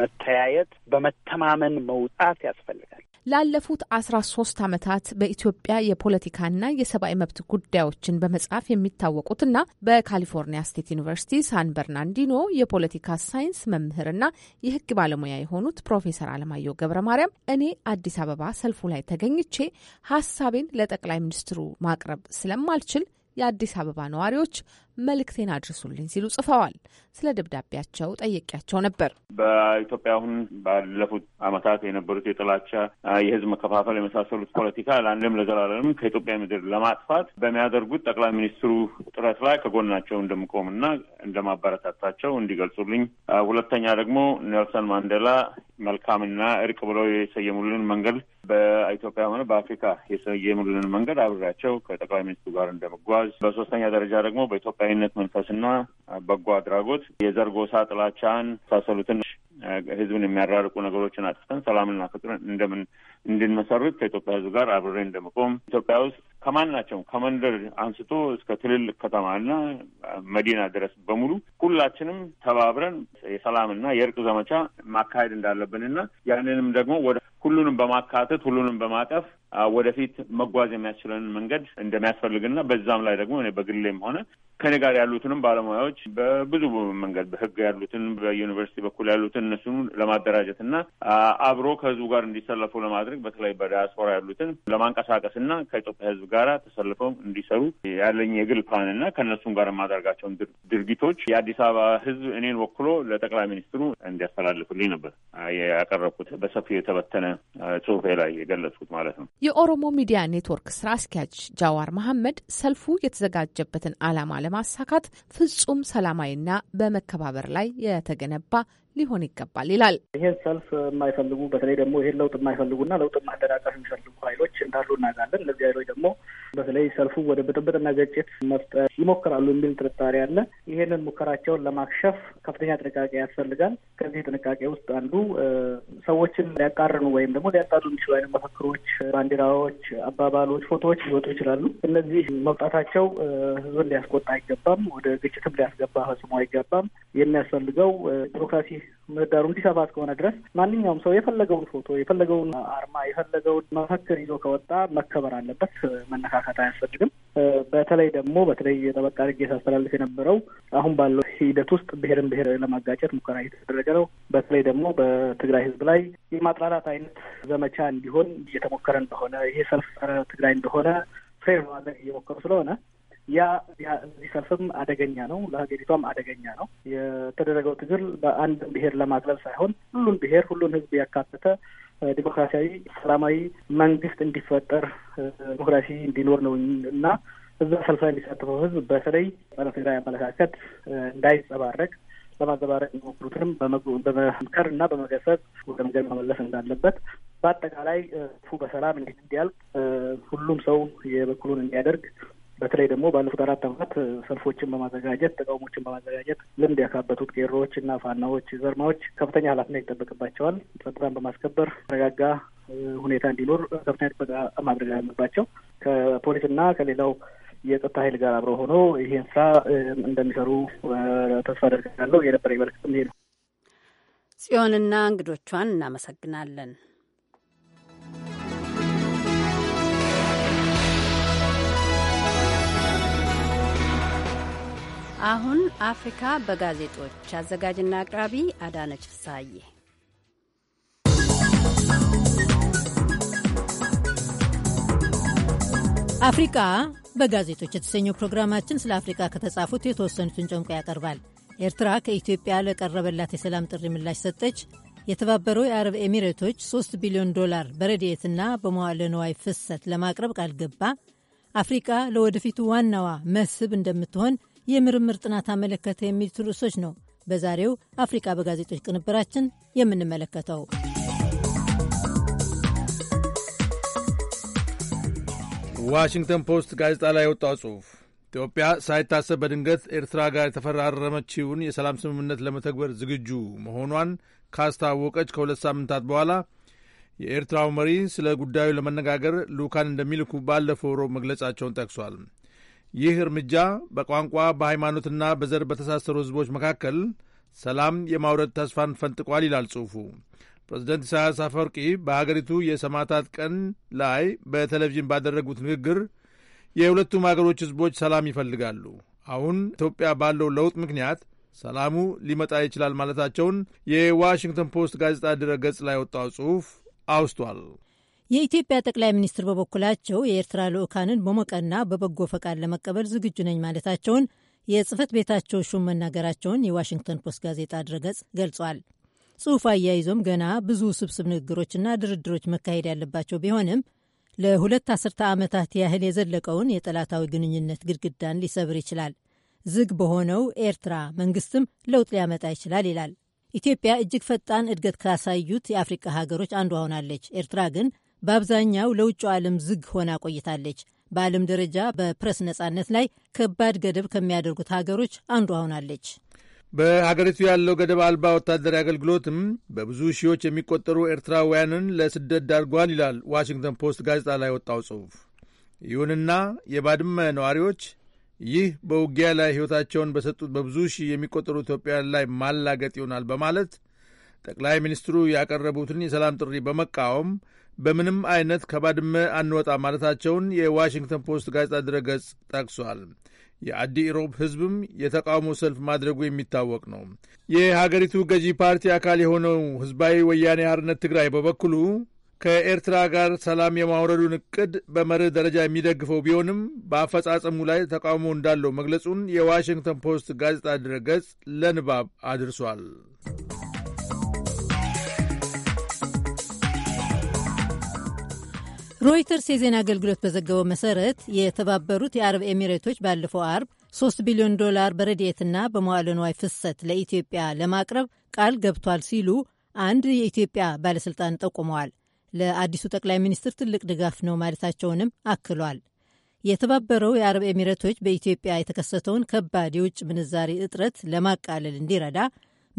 መተያየት፣ በመተማመን መውጣት ያስፈልጋል። ላለፉት 13 ዓመታት በኢትዮጵያ የፖለቲካና የሰብአዊ መብት ጉዳዮችን በመጻፍ የሚታወቁትና በካሊፎርኒያ ስቴት ዩኒቨርሲቲ ሳን በርናንዲኖ የፖለቲካ ሳይንስ መምህርና የሕግ ባለሙያ የሆኑት ፕሮፌሰር አለማየሁ ገብረ ማርያም እኔ አዲስ አበባ ሰልፉ ላይ ተገኝቼ ሀሳቤን ለጠቅላይ ሚኒስትሩ ማቅረብ ስለማልችል የአዲስ አበባ ነዋሪዎች መልእክቴን አድርሱልኝ ሲሉ ጽፈዋል። ስለ ደብዳቤያቸው ጠየቂያቸው ነበር። በኢትዮጵያ አሁን ባለፉት ዓመታት የነበሩት የጥላቻ የህዝብ መከፋፈል የመሳሰሉት ፖለቲካ ለአንድም ለዘላለምም ከኢትዮጵያ ምድር ለማጥፋት በሚያደርጉት ጠቅላይ ሚኒስትሩ ጥረት ላይ ከጎናቸው እንደምቆምና እንደማበረታታቸው እንዲገልጹልኝ፣ ሁለተኛ ደግሞ ኔልሰን ማንዴላ መልካምና እርቅ ብለው የሰየሙልን መንገድ በኢትዮጵያ ሆነ በአፍሪካ የሰየሙልን መንገድ አብሬያቸው ከጠቅላይ ሚኒስትሩ ጋር እንደመጓዝ፣ በሶስተኛ ደረጃ ደግሞ በኢትዮጵያ የኢፍትሐዊነት መንፈስና በጎ አድራጎት የዘር፣ ጎሳ ጥላቻን የመሳሰሉትን ህዝብን የሚያራርቁ ነገሮችን አጥፍተን ሰላምና ፍቅርን እንደምን እንድንመሰርት ከኢትዮጵያ ህዝብ ጋር አብሬ እንደምቆም ኢትዮጵያ ውስጥ ናቸው ከመንደር አንስቶ እስከ ትልልቅ ከተማና መዲና ድረስ በሙሉ ሁላችንም ተባብረን የሰላምና የእርቅ ዘመቻ ማካሄድ እንዳለብንና ያንንም ደግሞ ወደ ሁሉንም በማካተት ሁሉንም በማቀፍ ወደፊት መጓዝ የሚያስችለንን መንገድ እንደሚያስፈልግና በዛም ላይ ደግሞ እኔ በግሌም ሆነ ከኔ ጋር ያሉትንም ባለሙያዎች በብዙ መንገድ በህግ ያሉትን በዩኒቨርሲቲ በኩል ያሉትን እነሱን ለማደራጀት እና አብሮ ከህዝቡ ጋር እንዲሰለፉ ለማድረግ በተለይ በዲያስፖራ ያሉትን ለማንቀሳቀስ እና ከኢትዮጵያ ህዝብ ጋር ተሰልፈው እንዲሰሩ ያለኝ የግል ፕላን እና ከእነሱም ጋር የማደርጋቸውን ድርጊቶች የአዲስ አበባ ህዝብ እኔን ወክሎ ለጠቅላይ ሚኒስትሩ እንዲያስተላልፉልኝ ነበር ያቀረብኩት በሰፊው የተበተነ ጽሁፌ ላይ የገለጽኩት ማለት ነው። የኦሮሞ ሚዲያ ኔትወርክ ስራ አስኪያጅ ጃዋር መሐመድ ሰልፉ የተዘጋጀበትን አላማ ለማሳካት ፍጹም ሰላማዊና በመከባበር ላይ የተገነባ ሊሆን ይገባል ይላል። ይሄን ሰልፍ የማይፈልጉ በተለይ ደግሞ ይሄን ለውጥ የማይፈልጉና ለውጥ ማደናቀፍ የሚፈልጉ ኃይሎች እንዳሉ እናውቃለን። እነዚህ ኃይሎች ደግሞ በተለይ ሰልፉ ወደ ብጥብጥና ግጭት መፍጠር ይሞክራሉ የሚል ጥርጣሬ አለ። ይሄንን ሙከራቸውን ለማክሸፍ ከፍተኛ ጥንቃቄ ያስፈልጋል። ከዚህ ጥንቃቄ ውስጥ አንዱ ሰዎችን ሊያቃርኑ ወይም ደግሞ ሊያጣሉ የሚችሉ አይነት መፈክሮች፣ ባንዲራዎች፣ አባባሎች፣ ፎቶዎች ሊወጡ ይችላሉ። እነዚህ መውጣታቸው ህዝብን ሊያስቆጣ አይገባም። ወደ ግጭትም ሊያስገባ ፈጽሞ አይገባም። የሚያስፈልገው ዲሞክራሲ ምህዳሩ እንዲሰፋ እስከሆነ ድረስ ማንኛውም ሰው የፈለገውን ፎቶ፣ የፈለገውን አርማ፣ የፈለገውን መፈክር ይዞ ከወጣ መከበር አለበት መነካ ማካካት አያስፈልግም። በተለይ ደግሞ በተለይ የጠበቃ አድርጌ ሳስተላልፍ የነበረው አሁን ባለው ሂደት ውስጥ ብሔርን ብሔር ለማጋጨት ሙከራ እየተደረገ ነው። በተለይ ደግሞ በትግራይ ሕዝብ ላይ የማጥላላት አይነት ዘመቻ እንዲሆን እየተሞከረ እንደሆነ ይሄ ሰልፍ ትግራይ እንደሆነ ፌር ማድረግ እየሞከሩ ስለሆነ ያ እዚህ ሰልፍም አደገኛ ነው፣ ለሀገሪቷም አደገኛ ነው። የተደረገው ትግል በአንድ ብሔር ለማግለል ሳይሆን ሁሉን ብሔር ሁሉን ሕዝብ ያካተተ ዲሞክራሲያዊ ሰላማዊ መንግስት እንዲፈጠር ዲሞክራሲ እንዲኖር ነው እና እዛ ሰልፍ ላይ የሚሳተፈው ህዝብ በተለይ ጸረ ፌዴራዊ አመለካከት እንዳይጸባረቅ ለማዘባረቅ የሚሞክሩትንም በመምከር እና በመገሰጽ ወደ መንገድ መመለስ እንዳለበት በአጠቃላይ ፉ በሰላም እንዲህ እንዲያልቅ ሁሉም ሰው የበኩሉን እንዲያደርግ በተለይ ደግሞ ባለፉት አራት ዓመታት ሰልፎችን በማዘጋጀት ተቃውሞችን በማዘጋጀት ልምድ ያካበቱት ቄሮዎች እና ፋናዎች፣ ዘርማዎች ከፍተኛ ኃላፊነት ይጠበቅባቸዋል። ጸጥታን በማስከበር ረጋጋ ሁኔታ እንዲኖር ከፍተኛ ጥበቃ ማድረግ አለባቸው። ከፖሊስና ከሌላው የጸጥታ ኃይል ጋር አብረ ሆኖ ይህን ስራ እንደሚሰሩ ተስፋ አደርጋለሁ። የነበረ ይመለክት ይሄ ነው። ጽዮንና እንግዶቿን እናመሰግናለን። አሁን አፍሪካ በጋዜጦች አዘጋጅና አቅራቢ አዳነች ፍሳሐዬ። አፍሪቃ በጋዜጦች የተሰኘው ፕሮግራማችን ስለ አፍሪካ ከተጻፉት የተወሰኑትን ጨምቆ ያቀርባል። ኤርትራ ከኢትዮጵያ ለቀረበላት የሰላም ጥሪ ምላሽ ሰጠች፣ የተባበረው የአረብ ኤሚሬቶች 3 ቢሊዮን ዶላር በረድኤትና በመዋለ ንዋይ ፍሰት ለማቅረብ ቃል ገባ፣ አፍሪቃ ለወደፊቱ ዋናዋ መስህብ እንደምትሆን የምርምር ጥናት አመለከተ የሚሉት ርዕሶች ነው በዛሬው አፍሪቃ በጋዜጦች ቅንብራችን የምንመለከተው። ዋሽንግተን ፖስት ጋዜጣ ላይ የወጣው ጽሑፍ ኢትዮጵያ ሳይታሰብ በድንገት ኤርትራ ጋር የተፈራረመችውን የሰላም ስምምነት ለመተግበር ዝግጁ መሆኗን ካስታወቀች ከሁለት ሳምንታት በኋላ የኤርትራው መሪ ስለ ጉዳዩ ለመነጋገር ልዑካን እንደሚልኩ ባለፈው ሮብ መግለጻቸውን ጠቅሷል። ይህ እርምጃ በቋንቋ በሃይማኖትና በዘር በተሳሰሩ ሕዝቦች መካከል ሰላም የማውረድ ተስፋን ፈንጥቋል ይላል ጽሑፉ። ፕሬዚደንት ኢሳያስ አፈወርቂ በሀገሪቱ የሰማዕታት ቀን ላይ በቴሌቪዥን ባደረጉት ንግግር የሁለቱም አገሮች ሕዝቦች ሰላም ይፈልጋሉ፣ አሁን ኢትዮጵያ ባለው ለውጥ ምክንያት ሰላሙ ሊመጣ ይችላል ማለታቸውን የዋሽንግተን ፖስት ጋዜጣ ድረ ገጽ ላይ ወጣው ጽሑፍ አውስቷል። የኢትዮጵያ ጠቅላይ ሚኒስትር በበኩላቸው የኤርትራ ልዑካንን በሞቀና በበጎ ፈቃድ ለመቀበል ዝግጁ ነኝ ማለታቸውን የጽህፈት ቤታቸው ሹም መናገራቸውን የዋሽንግተን ፖስት ጋዜጣ ድረገጽ ገልጿል። ጽሑፍ አያይዞም ገና ብዙ ስብስብ ንግግሮችና ድርድሮች መካሄድ ያለባቸው ቢሆንም ለሁለት አስርተ ዓመታት ያህል የዘለቀውን የጠላታዊ ግንኙነት ግድግዳን ሊሰብር ይችላል፣ ዝግ በሆነው ኤርትራ መንግስትም ለውጥ ሊያመጣ ይችላል ይላል። ኢትዮጵያ እጅግ ፈጣን እድገት ካሳዩት የአፍሪቃ ሀገሮች አንዷ ሆናለች። ኤርትራ ግን በአብዛኛው ለውጭው ዓለም ዝግ ሆና ቆይታለች። በዓለም ደረጃ በፕረስ ነጻነት ላይ ከባድ ገደብ ከሚያደርጉት ሀገሮች አንዷ ሆናለች። በሀገሪቱ ያለው ገደብ አልባ ወታደራዊ አገልግሎትም በብዙ ሺዎች የሚቆጠሩ ኤርትራውያንን ለስደት ዳርጓል ይላል ዋሽንግተን ፖስት ጋዜጣ ላይ ወጣው ጽሑፍ። ይሁንና የባድመ ነዋሪዎች ይህ በውጊያ ላይ ሕይወታቸውን በሰጡት በብዙ ሺህ የሚቆጠሩ ኢትዮጵያውያን ላይ ማላገጥ ይሆናል በማለት ጠቅላይ ሚኒስትሩ ያቀረቡትን የሰላም ጥሪ በመቃወም በምንም አይነት ከባድመ አንወጣ ማለታቸውን የዋሽንግተን ፖስት ጋዜጣ ድረገጽ ጠቅሷል። የአዲ ኢሮብ ህዝብም የተቃውሞ ሰልፍ ማድረጉ የሚታወቅ ነው። የሀገሪቱ ገዢ ፓርቲ አካል የሆነው ህዝባዊ ወያኔ ሓርነት ትግራይ በበኩሉ ከኤርትራ ጋር ሰላም የማውረዱን እቅድ በመርህ ደረጃ የሚደግፈው ቢሆንም በአፈጻጸሙ ላይ ተቃውሞ እንዳለው መግለጹን የዋሽንግተን ፖስት ጋዜጣ ድረገጽ ለንባብ አድርሷል። ሮይተርስ የዜና አገልግሎት በዘገበው መሰረት የተባበሩት የአረብ ኤሚሬቶች ባለፈው አርብ 3 ቢሊዮን ዶላር በረድኤትና በመዋለ ንዋይ ፍሰት ለኢትዮጵያ ለማቅረብ ቃል ገብቷል ሲሉ አንድ የኢትዮጵያ ባለሥልጣን ጠቁመዋል። ለአዲሱ ጠቅላይ ሚኒስትር ትልቅ ድጋፍ ነው ማለታቸውንም አክሏል። የተባበረው የአረብ ኤሚሬቶች በኢትዮጵያ የተከሰተውን ከባድ የውጭ ምንዛሪ እጥረት ለማቃለል እንዲረዳ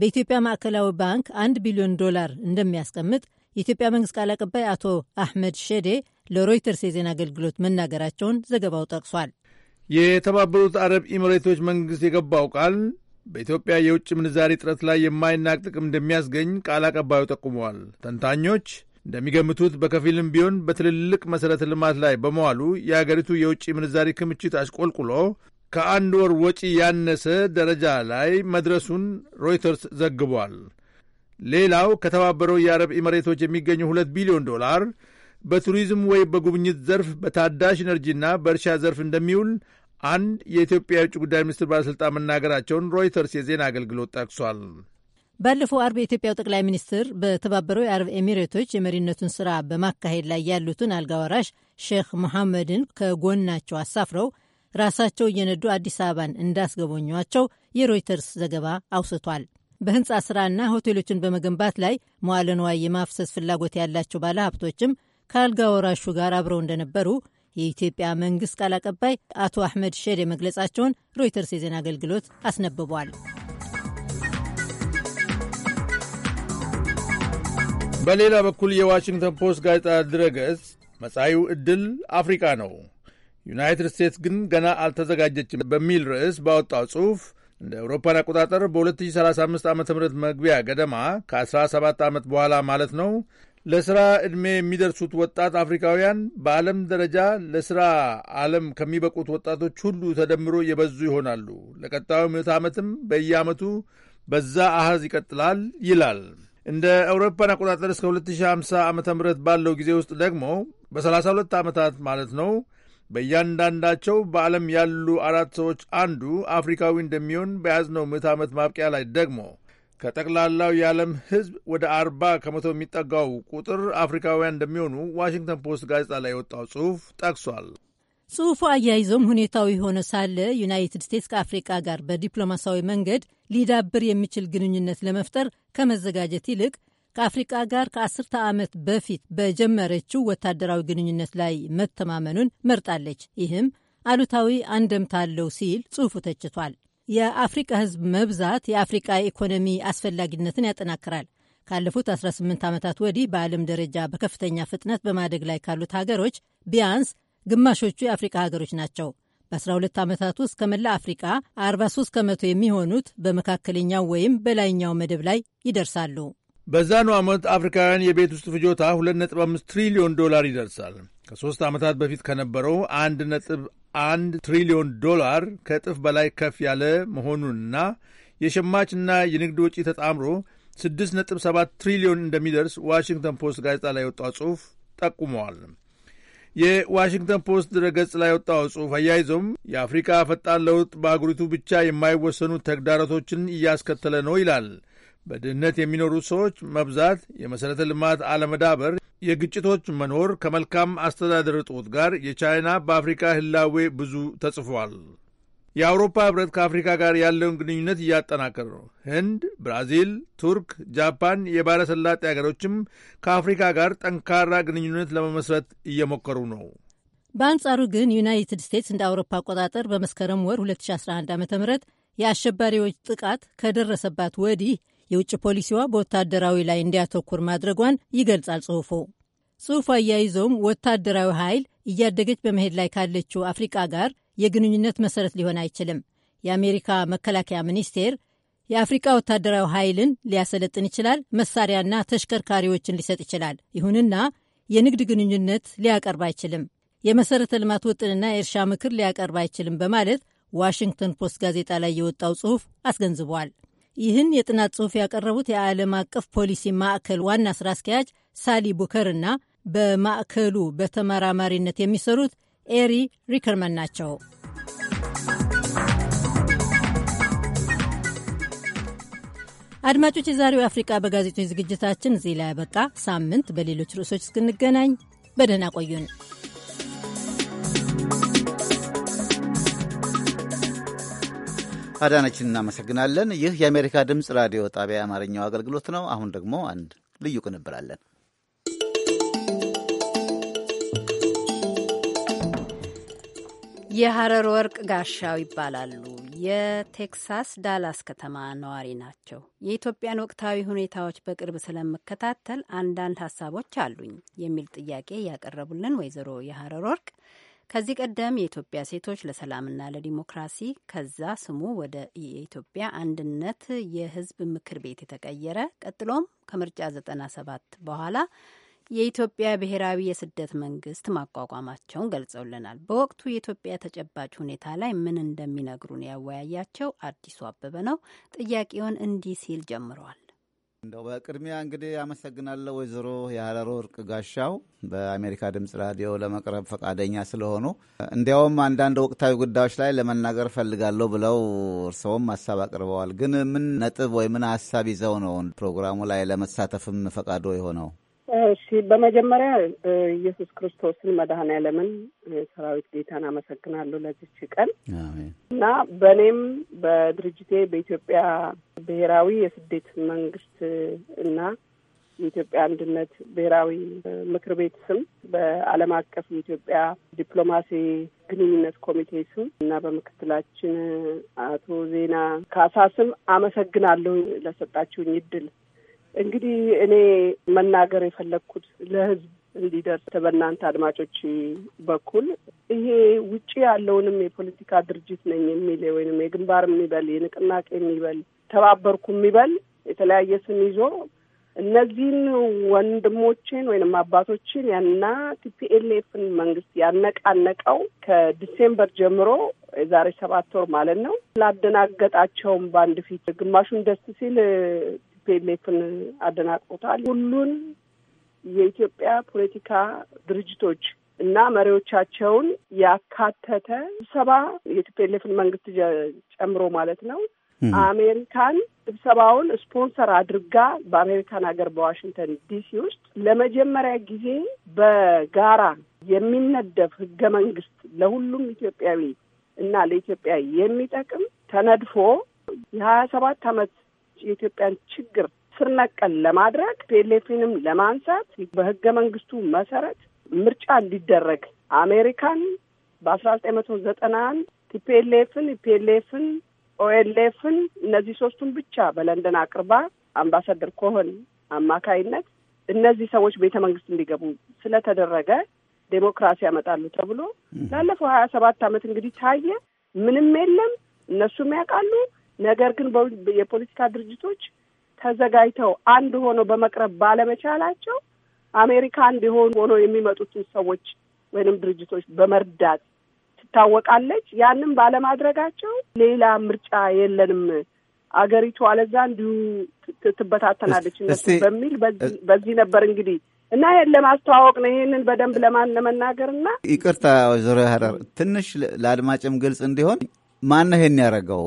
በኢትዮጵያ ማዕከላዊ ባንክ 1 ቢሊዮን ዶላር እንደሚያስቀምጥ የኢትዮጵያ መንግስት ቃል አቀባይ አቶ አህመድ ሼዴ ለሮይተርስ የዜና አገልግሎት መናገራቸውን ዘገባው ጠቅሷል። የተባበሩት አረብ ኢሚሬቶች መንግስት የገባው ቃል በኢትዮጵያ የውጭ ምንዛሪ ጥረት ላይ የማይናቅ ጥቅም እንደሚያስገኝ ቃል አቀባዩ ጠቁመዋል። ተንታኞች እንደሚገምቱት በከፊልም ቢሆን በትልልቅ መሠረተ ልማት ላይ በመዋሉ የአገሪቱ የውጭ ምንዛሪ ክምችት አሽቆልቁሎ ከአንድ ወር ወጪ ያነሰ ደረጃ ላይ መድረሱን ሮይተርስ ዘግቧል። ሌላው ከተባበረው የአረብ ኤምሬቶች የሚገኙ ሁለት ቢሊዮን ዶላር በቱሪዝም ወይም በጉብኝት ዘርፍ በታዳሽ ኤነርጂና በእርሻ ዘርፍ እንደሚውል አንድ የኢትዮጵያ የውጭ ጉዳይ ሚኒስትር ባለሥልጣን መናገራቸውን ሮይተርስ የዜና አገልግሎት ጠቅሷል። ባለፈው አርብ የኢትዮጵያው ጠቅላይ ሚኒስትር በተባበረው የአረብ ኤሚሬቶች የመሪነቱን ስራ በማካሄድ ላይ ያሉትን አልጋ ወራሽ ሼክ መሐመድን ከጎናቸው አሳፍረው ራሳቸው እየነዱ አዲስ አበባን እንዳስገበኟቸው የሮይተርስ ዘገባ አውስቷል። በህንፃ ስራና ሆቴሎችን በመገንባት ላይ መዋለ ንዋይ የማፍሰስ ፍላጎት ያላቸው ባለሀብቶችም ከአልጋ ወራሹ ጋር አብረው እንደነበሩ የኢትዮጵያ መንግስት ቃል አቀባይ አቶ አሕመድ ሼዴ መግለጻቸውን ሮይተርስ የዜና አገልግሎት አስነብቧል። በሌላ በኩል የዋሽንግተን ፖስት ጋዜጣ ድረገጽ መጻዩ ዕድል አፍሪካ ነው፣ ዩናይትድ ስቴትስ ግን ገና አልተዘጋጀችም በሚል ርዕስ ባወጣው ጽሑፍ እንደ አውሮፓን አቆጣጠር በ2035 ዓ ም መግቢያ ገደማ ከ17 ዓመት በኋላ ማለት ነው ለሥራ ዕድሜ የሚደርሱት ወጣት አፍሪካውያን በዓለም ደረጃ ለሥራ ዓለም ከሚበቁት ወጣቶች ሁሉ ተደምሮ የበዙ ይሆናሉ። ለቀጣዩ ምዕት ዓመትም በየዓመቱ በዛ አሐዝ ይቀጥላል ይላል። እንደ አውሮፓን አቆጣጠር እስከ 2050 ዓ ም ባለው ጊዜ ውስጥ ደግሞ በ32 ዓመታት ማለት ነው በእያንዳንዳቸው በዓለም ያሉ አራት ሰዎች አንዱ አፍሪካዊ እንደሚሆን በያዝነው ምት ዓመት ማብቂያ ላይ ደግሞ ከጠቅላላው የዓለም ሕዝብ ወደ አርባ ከመቶ የሚጠጋው ቁጥር አፍሪካውያን እንደሚሆኑ ዋሽንግተን ፖስት ጋዜጣ ላይ የወጣው ጽሑፍ ጠቅሷል። ጽሑፉ አያይዞም ሁኔታው የሆነ ሳለ ዩናይትድ ስቴትስ ከአፍሪቃ ጋር በዲፕሎማሲያዊ መንገድ ሊዳብር የሚችል ግንኙነት ለመፍጠር ከመዘጋጀት ይልቅ ከአፍሪቃ ጋር ከአስርተ ዓመት በፊት በጀመረችው ወታደራዊ ግንኙነት ላይ መተማመኑን መርጣለች። ይህም አሉታዊ አንደምታ አለው ሲል ጽሑፉ ተችቷል። የአፍሪቃ ሕዝብ መብዛት የአፍሪቃ ኢኮኖሚ አስፈላጊነትን ያጠናክራል። ካለፉት 18 ዓመታት ወዲህ በዓለም ደረጃ በከፍተኛ ፍጥነት በማደግ ላይ ካሉት ሀገሮች ቢያንስ ግማሾቹ የአፍሪቃ ሀገሮች ናቸው። በ12 ዓመታት ውስጥ ከመላ አፍሪቃ 43 ከመቶ የሚሆኑት በመካከለኛው ወይም በላይኛው መደብ ላይ ይደርሳሉ። በዛኑ ዓመት አፍሪካውያን የቤት ውስጥ ፍጆታ 2.5 ትሪሊዮን ዶላር ይደርሳል። ከሦስት ዓመታት በፊት ከነበረው 1.1 ትሪሊዮን ዶላር ከእጥፍ በላይ ከፍ ያለ መሆኑንና የሸማችና የንግድ ወጪ ተጣምሮ 6.7 ትሪሊዮን እንደሚደርስ ዋሽንግተን ፖስት ጋዜጣ ላይ የወጣው ጽሑፍ ጠቁመዋል። የዋሽንግተን ፖስት ድረገጽ ላይ የወጣው ጽሑፍ አያይዞም የአፍሪካ ፈጣን ለውጥ በአገሪቱ ብቻ የማይወሰኑ ተግዳሮቶችን እያስከተለ ነው ይላል። በድህነት የሚኖሩ ሰዎች መብዛት፣ የመሠረተ ልማት አለመዳበር፣ የግጭቶች መኖር ከመልካም አስተዳደር እጦት ጋር የቻይና በአፍሪካ ህላዌ ብዙ ተጽፏል። የአውሮፓ ህብረት ከአፍሪካ ጋር ያለውን ግንኙነት እያጠናከረ ነው። ህንድ፣ ብራዚል፣ ቱርክ፣ ጃፓን የባሕረ ሰላጤ አገሮችም ከአፍሪካ ጋር ጠንካራ ግንኙነት ለመመስረት እየሞከሩ ነው። በአንጻሩ ግን ዩናይትድ ስቴትስ እንደ አውሮፓ አቆጣጠር በመስከረም ወር 2011 ዓ ም የአሸባሪዎች ጥቃት ከደረሰባት ወዲህ የውጭ ፖሊሲዋ በወታደራዊ ላይ እንዲያተኩር ማድረጓን ይገልጻል ጽሑፉ። ጽሑፉ አያይዞም ወታደራዊ ኃይል እያደገች በመሄድ ላይ ካለችው አፍሪቃ ጋር የግንኙነት መሰረት ሊሆን አይችልም። የአሜሪካ መከላከያ ሚኒስቴር የአፍሪቃ ወታደራዊ ኃይልን ሊያሰለጥን ይችላል፣ መሳሪያና ተሽከርካሪዎችን ሊሰጥ ይችላል። ይሁንና የንግድ ግንኙነት ሊያቀርብ አይችልም፣ የመሰረተ ልማት ውጥንና የእርሻ ምክር ሊያቀርብ አይችልም በማለት ዋሽንግተን ፖስት ጋዜጣ ላይ የወጣው ጽሑፍ አስገንዝቧል። ይህን የጥናት ጽሑፍ ያቀረቡት የዓለም አቀፍ ፖሊሲ ማዕከል ዋና ስራ አስኪያጅ ሳሊ ቡከር እና በማዕከሉ በተመራማሪነት የሚሰሩት ኤሪ ሪከርመን ናቸው። አድማጮች፣ የዛሬው አፍሪቃ በጋዜጦች ዝግጅታችን እዚህ ላይ ያበቃ። ሳምንት በሌሎች ርዕሶች እስክንገናኝ በደህና ቆዩን። አዳነችን እናመሰግናለን። ይህ የአሜሪካ ድምፅ ራዲዮ ጣቢያ የአማርኛው አገልግሎት ነው። አሁን ደግሞ አንድ ልዩ ቅንብር አለን። የሀረር ወርቅ ጋሻው ይባላሉ። የቴክሳስ ዳላስ ከተማ ነዋሪ ናቸው። የኢትዮጵያን ወቅታዊ ሁኔታዎች በቅርብ ስለምከታተል አንዳንድ ሀሳቦች አሉኝ የሚል ጥያቄ ያቀረቡልን ወይዘሮ የሀረር ወርቅ ከዚህ ቀደም የኢትዮጵያ ሴቶች ለሰላምና ለዲሞክራሲ ከዛ ስሙ ወደ የኢትዮጵያ አንድነት የህዝብ ምክር ቤት የተቀየረ ቀጥሎም ከምርጫ 97 በኋላ የኢትዮጵያ ብሔራዊ የስደት መንግስት ማቋቋማቸውን ገልጸውልናል። በወቅቱ የኢትዮጵያ ተጨባጭ ሁኔታ ላይ ምን እንደሚነግሩን ያወያያቸው አዲሱ አበበ ነው። ጥያቄውን እንዲህ ሲል ጀምረዋል። እንደው በቅድሚያ እንግዲህ አመሰግናለሁ ወይዘሮ የሀረሮ እርቅ ጋሻው በአሜሪካ ድምፅ ራዲዮ ለመቅረብ ፈቃደኛ ስለሆኑ እንዲያውም አንዳንድ ወቅታዊ ጉዳዮች ላይ ለመናገር ፈልጋለሁ ብለው እርስዎም ሀሳብ አቅርበዋል። ግን ምን ነጥብ ወይ ምን ሀሳብ ይዘው ነው ፕሮግራሙ ላይ ለመሳተፍም ፈቃዶ የሆነው? እሺ በመጀመሪያ ኢየሱስ ክርስቶስን መድኃኔዓለምን ሰራዊት ጌታን አመሰግናለሁ ለዚች ቀን እና በእኔም በድርጅቴ በኢትዮጵያ ብሔራዊ የስደት መንግስት እና የኢትዮጵያ አንድነት ብሔራዊ ምክር ቤት ስም በዓለም አቀፍ የኢትዮጵያ ዲፕሎማሲ ግንኙነት ኮሚቴ ስም እና በምክትላችን አቶ ዜና ካሳ ስም አመሰግናለሁ ለሰጣችሁኝ እድል። እንግዲህ እኔ መናገር የፈለግኩት ለህዝብ እንዲደርስ በእናንተ አድማጮች በኩል ይሄ ውጭ ያለውንም የፖለቲካ ድርጅት ነኝ የሚል ወይም የግንባር የሚበል የንቅናቄ የሚበል ተባበርኩ የሚበል የተለያየ ስም ይዞ እነዚህን ወንድሞችን ወይንም አባቶችን ያና ቲፒኤልኤፍን መንግስት ያነቃነቀው ከዲሴምበር ጀምሮ የዛሬ ሰባት ወር ማለት ነው። ላደናገጣቸውም በአንድ ፊት ግማሹን ደስ ሲል ቲፒኤልኤፍን አደናቅፎታል። ሁሉን የኢትዮጵያ ፖለቲካ ድርጅቶች እና መሪዎቻቸውን ያካተተ ስብሰባ የቲፒኤልኤፍን መንግስት ጨምሮ ማለት ነው። አሜሪካን ስብሰባውን ስፖንሰር አድርጋ በአሜሪካን ሀገር በዋሽንግተን ዲሲ ውስጥ ለመጀመሪያ ጊዜ በጋራ የሚነደፍ ህገ መንግስት ለሁሉም ኢትዮጵያዊ እና ለኢትዮጵያ የሚጠቅም ተነድፎ የሀያ ሰባት ዓመት የኢትዮጵያን ችግር ስር ነቀል ለማድረግ ፔሌፊንም ለማንሳት በህገ መንግስቱ መሰረት ምርጫ እንዲደረግ አሜሪካን በአስራ ዘጠኝ መቶ ዘጠና አንድ ቲፒኤልኤፍን፣ ኢፒኤልኤፍን፣ ኦኤልኤፍን እነዚህ ሶስቱን ብቻ በለንደን አቅርባ አምባሳደር ኮሆን አማካይነት እነዚህ ሰዎች ቤተ መንግስት እንዲገቡ ስለተደረገ ዴሞክራሲ ያመጣሉ ተብሎ ላለፈው ሀያ ሰባት አመት እንግዲህ ታየ። ምንም የለም። እነሱም ያውቃሉ ነገር ግን የፖለቲካ ድርጅቶች ተዘጋጅተው አንድ ሆኖ በመቅረብ ባለመቻላቸው አሜሪካ አንድ የሆኑ ሆኖ የሚመጡትን ሰዎች ወይንም ድርጅቶች በመርዳት ትታወቃለች። ያንም ባለማድረጋቸው ሌላ ምርጫ የለንም አገሪቱ አለዛ እንዲሁ ትበታተናለች በሚል በዚህ ነበር እንግዲህ እና ይህን ለማስተዋወቅ ነው። ይህንን በደንብ ለማን ለመናገር እና ይቅርታ፣ ወይዘሮ ሀረር ትንሽ ለአድማጭም ግልጽ እንዲሆን ማን ይሄን ያደረገው?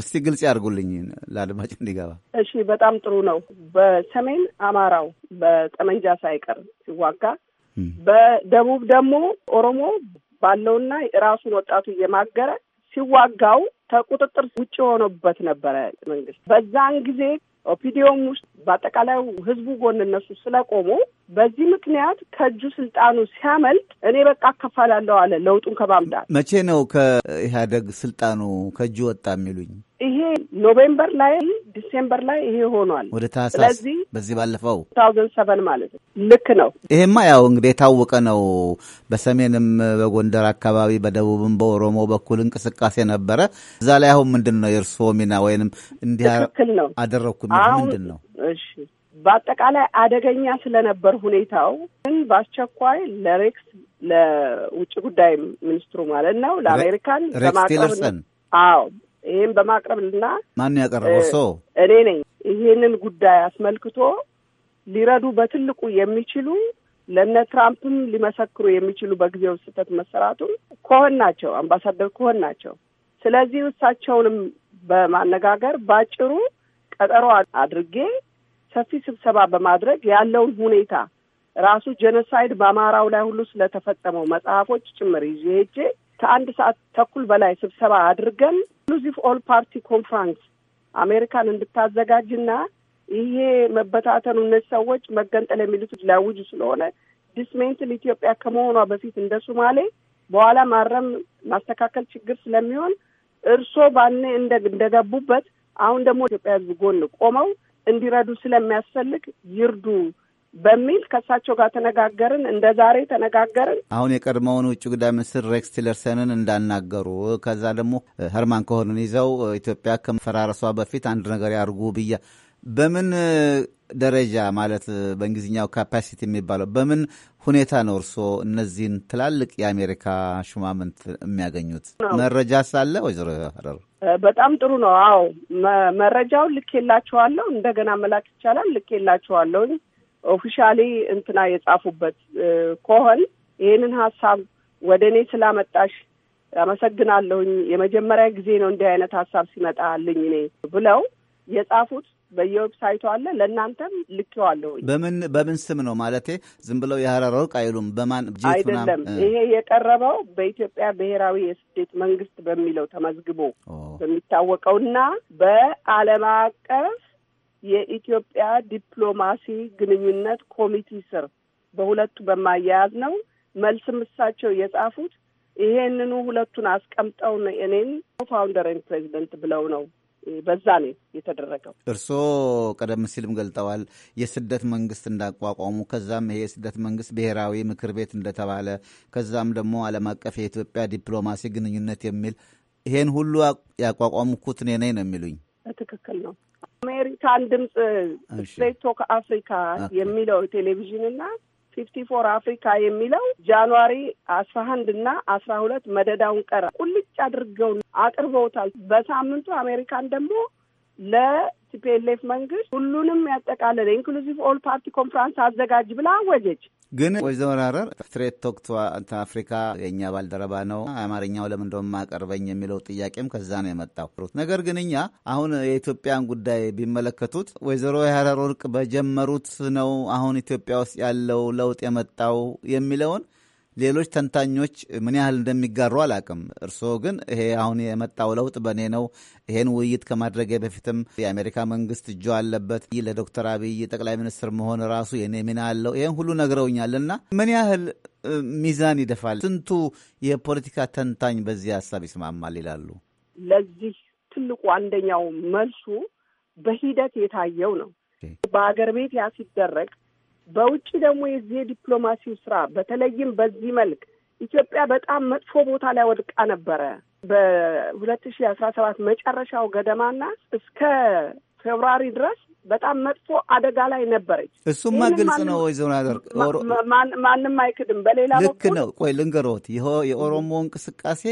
እስቲ ግልጽ ያድርጉልኝ ለአድማጭ እንዲገባ። እሺ፣ በጣም ጥሩ ነው። በሰሜን አማራው በጠመንጃ ሳይቀር ሲዋጋ፣ በደቡብ ደግሞ ኦሮሞ ባለውና ራሱን ወጣቱ እየማገረ ሲዋጋው ከቁጥጥር ውጭ ሆኖበት ነበረ መንግስት። በዛን ጊዜ ኦፒዲዮም ውስጥ በአጠቃላይ ህዝቡ ጎን እነሱ ስለቆሙ በዚህ ምክንያት ከእጁ ስልጣኑ ሲያመልጥ እኔ በቃ አከፋላለሁ አለ። ለውጡን ከማምጣት መቼ ነው ከኢህአደግ ስልጣኑ ከእጁ ወጣ የሚሉኝ? ይሄ ኖቬምበር ላይ ዲሴምበር ላይ ይሄ ሆኗል። ወደ ታህሳስ በዚህ ባለፈው ታውዘንድ ሰቨን ማለት ነው። ልክ ነው። ይሄማ ያው እንግዲህ የታወቀ ነው። በሰሜንም በጎንደር አካባቢ በደቡብም በኦሮሞ በኩል እንቅስቃሴ ነበረ። እዛ ላይ አሁን ምንድን ነው የእርስዎ ሚና ወይንም እንዲህ አደረግኩ ምንድን ነው? እሺ በአጠቃላይ አደገኛ ስለነበር ሁኔታው ግን በአስቸኳይ ለሬክስ ለውጭ ጉዳይ ሚኒስትሩ ማለት ነው ለአሜሪካን ሬክስ ቲለርሰን አዎ ይህን በማቅረብና ማን ያቀረበው ሰው እኔ ነኝ። ይህንን ጉዳይ አስመልክቶ ሊረዱ በትልቁ የሚችሉ ለእነ ትራምፕም ሊመሰክሩ የሚችሉ በጊዜው ስህተት መሰራቱን ኮሆን ናቸው፣ አምባሳደር ኮሆን ናቸው። ስለዚህ እሳቸውንም በማነጋገር ባጭሩ ቀጠሮ አድርጌ ሰፊ ስብሰባ በማድረግ ያለውን ሁኔታ ራሱ ጀኖሳይድ በአማራው ላይ ሁሉ ስለተፈጸመው መጽሐፎች ጭምር ይዤ ሄጄ ከአንድ ሰዓት ተኩል በላይ ስብሰባ አድርገን ኢንክሉዚቭ ኦል ፓርቲ ኮንፍራንስ አሜሪካን እንድታዘጋጅና ይሄ መበታተኑ እነዚህ ሰዎች መገንጠል የሚሉት ሊያውጁ ስለሆነ ዲስሜንትል ኢትዮጵያ ከመሆኗ በፊት እንደ ሱማሌ በኋላ ማረም ማስተካከል ችግር ስለሚሆን እርሶ ባኔ እንደገቡበት አሁን ደግሞ ኢትዮጵያ ሕዝብ ጎን ቆመው እንዲረዱ ስለሚያስፈልግ ይርዱ በሚል ከእሳቸው ጋር ተነጋገርን። እንደ ዛሬ ተነጋገርን። አሁን የቀድሞውን ውጭ ጉዳይ ሚኒስትር ሬክስ ቲለርሰንን እንዳናገሩ ከዛ ደግሞ ሄርማን ከሆኑን ይዘው ኢትዮጵያ ከመፈራረሷ በፊት አንድ ነገር ያርጉ ብያ በምን ደረጃ ማለት በእንግሊዝኛው ካፓሲቲ የሚባለው በምን ሁኔታ ነው እርስዎ እነዚህን ትላልቅ የአሜሪካ ሹማምንት የሚያገኙት? መረጃ ሳለ ወይዘሮ ረሩ በጣም ጥሩ ነው። አዎ መረጃውን የላቸዋለሁ እንደገና መላክ ይቻላል። ልኬላችኋለሁኝ ኦፊሻሊ እንትና የጻፉበት ከሆን ይህንን ሀሳብ ወደ እኔ ስላመጣሽ አመሰግናለሁኝ። የመጀመሪያ ጊዜ ነው እንዲህ አይነት ሀሳብ ሲመጣልኝ እኔ ብለው የጻፉት በየዌብሳይቱ አለ። ለእናንተም ልኬዋለሁ። በምን በምን ስም ነው ማለቴ? ዝም ብለው የሀረር ወርቅ አይሉም። በማን አይደለም። ይሄ የቀረበው በኢትዮጵያ ብሔራዊ የስደት መንግስት በሚለው ተመዝግቦ በሚታወቀውና በዓለም አቀፍ የኢትዮጵያ ዲፕሎማሲ ግንኙነት ኮሚቲ ስር በሁለቱ በማያያዝ ነው። መልስም እሳቸው የጻፉት ይሄንኑ ሁለቱን አስቀምጠው እኔን ፋውንደርን ፕሬዚደንት ብለው ነው በዛ ነው የተደረገው። እርስዎ ቀደም ሲልም ገልጠዋል የስደት መንግስት እንዳቋቋሙ ከዛም ይሄ የስደት መንግስት ብሔራዊ ምክር ቤት እንደተባለ ከዛም ደግሞ ዓለም አቀፍ የኢትዮጵያ ዲፕሎማሲ ግንኙነት የሚል ይሄን ሁሉ ያቋቋምኩት እኔ ነኝ ነው የሚሉኝ። ትክክል ነው። አሜሪካን ድምፅ ስትሬት ቶክ አፍሪካ የሚለው ቴሌቪዥንና ፊፍቲ ፎር አፍሪካ የሚለው ጃንዋሪ አስራ አንድ እና አስራ ሁለት መደዳውን ቀረ ቁልጭ አድርገው አቅርበውታል። በሳምንቱ አሜሪካን ደግሞ ለ ቲፒኤልኤፍ መንግስት ሁሉንም ያጠቃለለ ኢንክሉዚቭ ኦል ፓርቲ ኮንፍራንስ አዘጋጅ ብላ አወጀች። ግን ወይዘሮ ሀረር ስትሬት ቶክ ቱ አፍሪካ የእኛ ባልደረባ ነው። አማርኛው ለምን እንደውም ማቀርበኝ የሚለው ጥያቄም ከዛ ነው የመጣው። ነገር ግን እኛ አሁን የኢትዮጵያን ጉዳይ ቢመለከቱት ወይዘሮ የሀረር ወርቅ በጀመሩት ነው አሁን ኢትዮጵያ ውስጥ ያለው ለውጥ የመጣው የሚለውን ሌሎች ተንታኞች ምን ያህል እንደሚጋሩ አላቅም። እርስዎ ግን ይሄ አሁን የመጣው ለውጥ በእኔ ነው፣ ይሄን ውይይት ከማድረግ በፊትም የአሜሪካ መንግስት እጁ አለበት፣ ለዶክተር አብይ ጠቅላይ ሚኒስትር መሆን ራሱ የኔ ሚና አለው፣ ይህን ሁሉ እና ምን ያህል ሚዛን ይደፋል? ስንቱ የፖለቲካ ተንታኝ በዚህ ሀሳብ ይስማማል ይላሉ? ለዚህ ትልቁ አንደኛው መልሱ በሂደት የታየው ነው። በአገር ቤት ያ ሲደረግ በውጭ ደግሞ የዚህ የዲፕሎማሲው ስራ በተለይም በዚህ መልክ ኢትዮጵያ በጣም መጥፎ ቦታ ላይ ወድቃ ነበረ። በሁለት ሺ አስራ ሰባት መጨረሻው ገደማና እስከ ፌብሯሪ ድረስ በጣም መጥፎ አደጋ ላይ ነበረች። እሱማ ግልጽ ነው። ወይዘሮ ማንም አይክድም። በሌላ ልክ ነው። ቆይ ልንገሮት፣ የኦሮሞ እንቅስቃሴ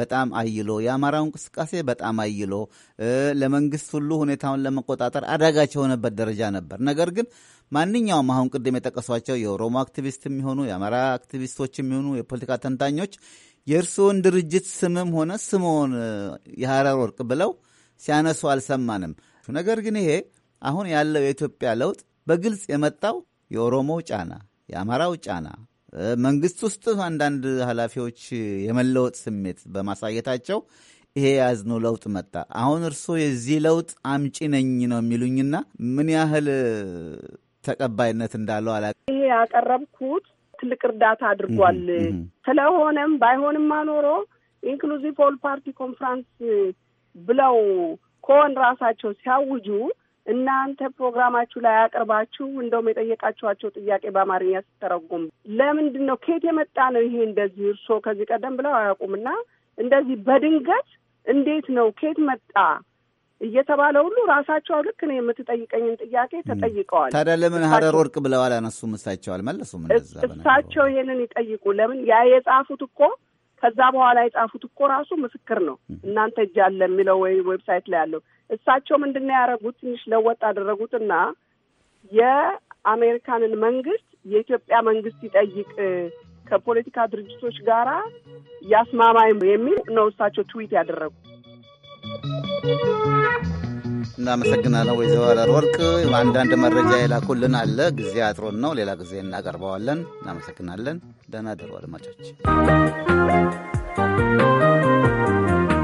በጣም አይሎ፣ የአማራው እንቅስቃሴ በጣም አይሎ፣ ለመንግስት ሁሉ ሁኔታውን ለመቆጣጠር አዳጋች የሆነበት ደረጃ ነበር። ነገር ግን ማንኛውም አሁን ቅድም የጠቀሷቸው የኦሮሞ አክቲቪስት የሚሆኑ የአማራ አክቲቪስቶች የሚሆኑ የፖለቲካ ተንታኞች የእርስዎን ድርጅት ስምም ሆነ ስምዎን የሀረር ወርቅ ብለው ሲያነሱ አልሰማንም። አላችሁ። ነገር ግን ይሄ አሁን ያለው የኢትዮጵያ ለውጥ በግልጽ የመጣው የኦሮሞው ጫና፣ የአማራው ጫና መንግስት ውስጥ አንዳንድ ኃላፊዎች የመለወጥ ስሜት በማሳየታቸው ይሄ ያዝኖ ለውጥ መጣ። አሁን እርስዎ የዚህ ለውጥ አምጪ ነኝ ነው የሚሉኝና ምን ያህል ተቀባይነት እንዳለው አላ ይሄ ያቀረብኩት ትልቅ እርዳታ አድርጓል። ስለሆነም ባይሆንም አኖሮ ኢንክሉዚቭ ኦል ፓርቲ ኮንፍራንስ ብለው ኮን ራሳቸው ሲያውጁ እናንተ ፕሮግራማችሁ ላይ አቅርባችሁ እንደውም የጠየቃችኋቸው ጥያቄ በአማርኛ ስተረጉም ለምንድን ነው ከየት የመጣ ነው ይሄ እንደዚህ እርስዎ ከዚህ ቀደም ብለው አያውቁምና እንደዚህ በድንገት እንዴት ነው ከየት መጣ እየተባለ ሁሉ ራሳቸው ልክ ነው የምትጠይቀኝን ጥያቄ ተጠይቀዋል። ታዲያ ለምን ሀረር ወርቅ ብለዋል? አነሱም እሳቸው አልመለሱም። እሳቸው ይሄንን ይጠይቁ። ለምን ያ የጻፉት እኮ ከዛ በኋላ የጻፉት እኮ ራሱ ምስክር ነው። እናንተ እጅ አለ የሚለው ወይ ዌብሳይት ላይ ያለው እሳቸው ምንድን ነው ያደረጉት? ትንሽ ለወጥ አደረጉትና የአሜሪካንን መንግስት የኢትዮጵያ መንግስት ይጠይቅ ከፖለቲካ ድርጅቶች ጋር ያስማማኝ የሚል ነው እሳቸው ትዊት ያደረጉት። እናመሰግናለን ወይዘሮ አረር ወርቅ። አንዳንድ መረጃ የላኩልን አለ፣ ጊዜ አጥሮን ነው። ሌላ ጊዜ እናቀርበዋለን። እናመሰግናለን። ደህና ደሩ አድማጮች።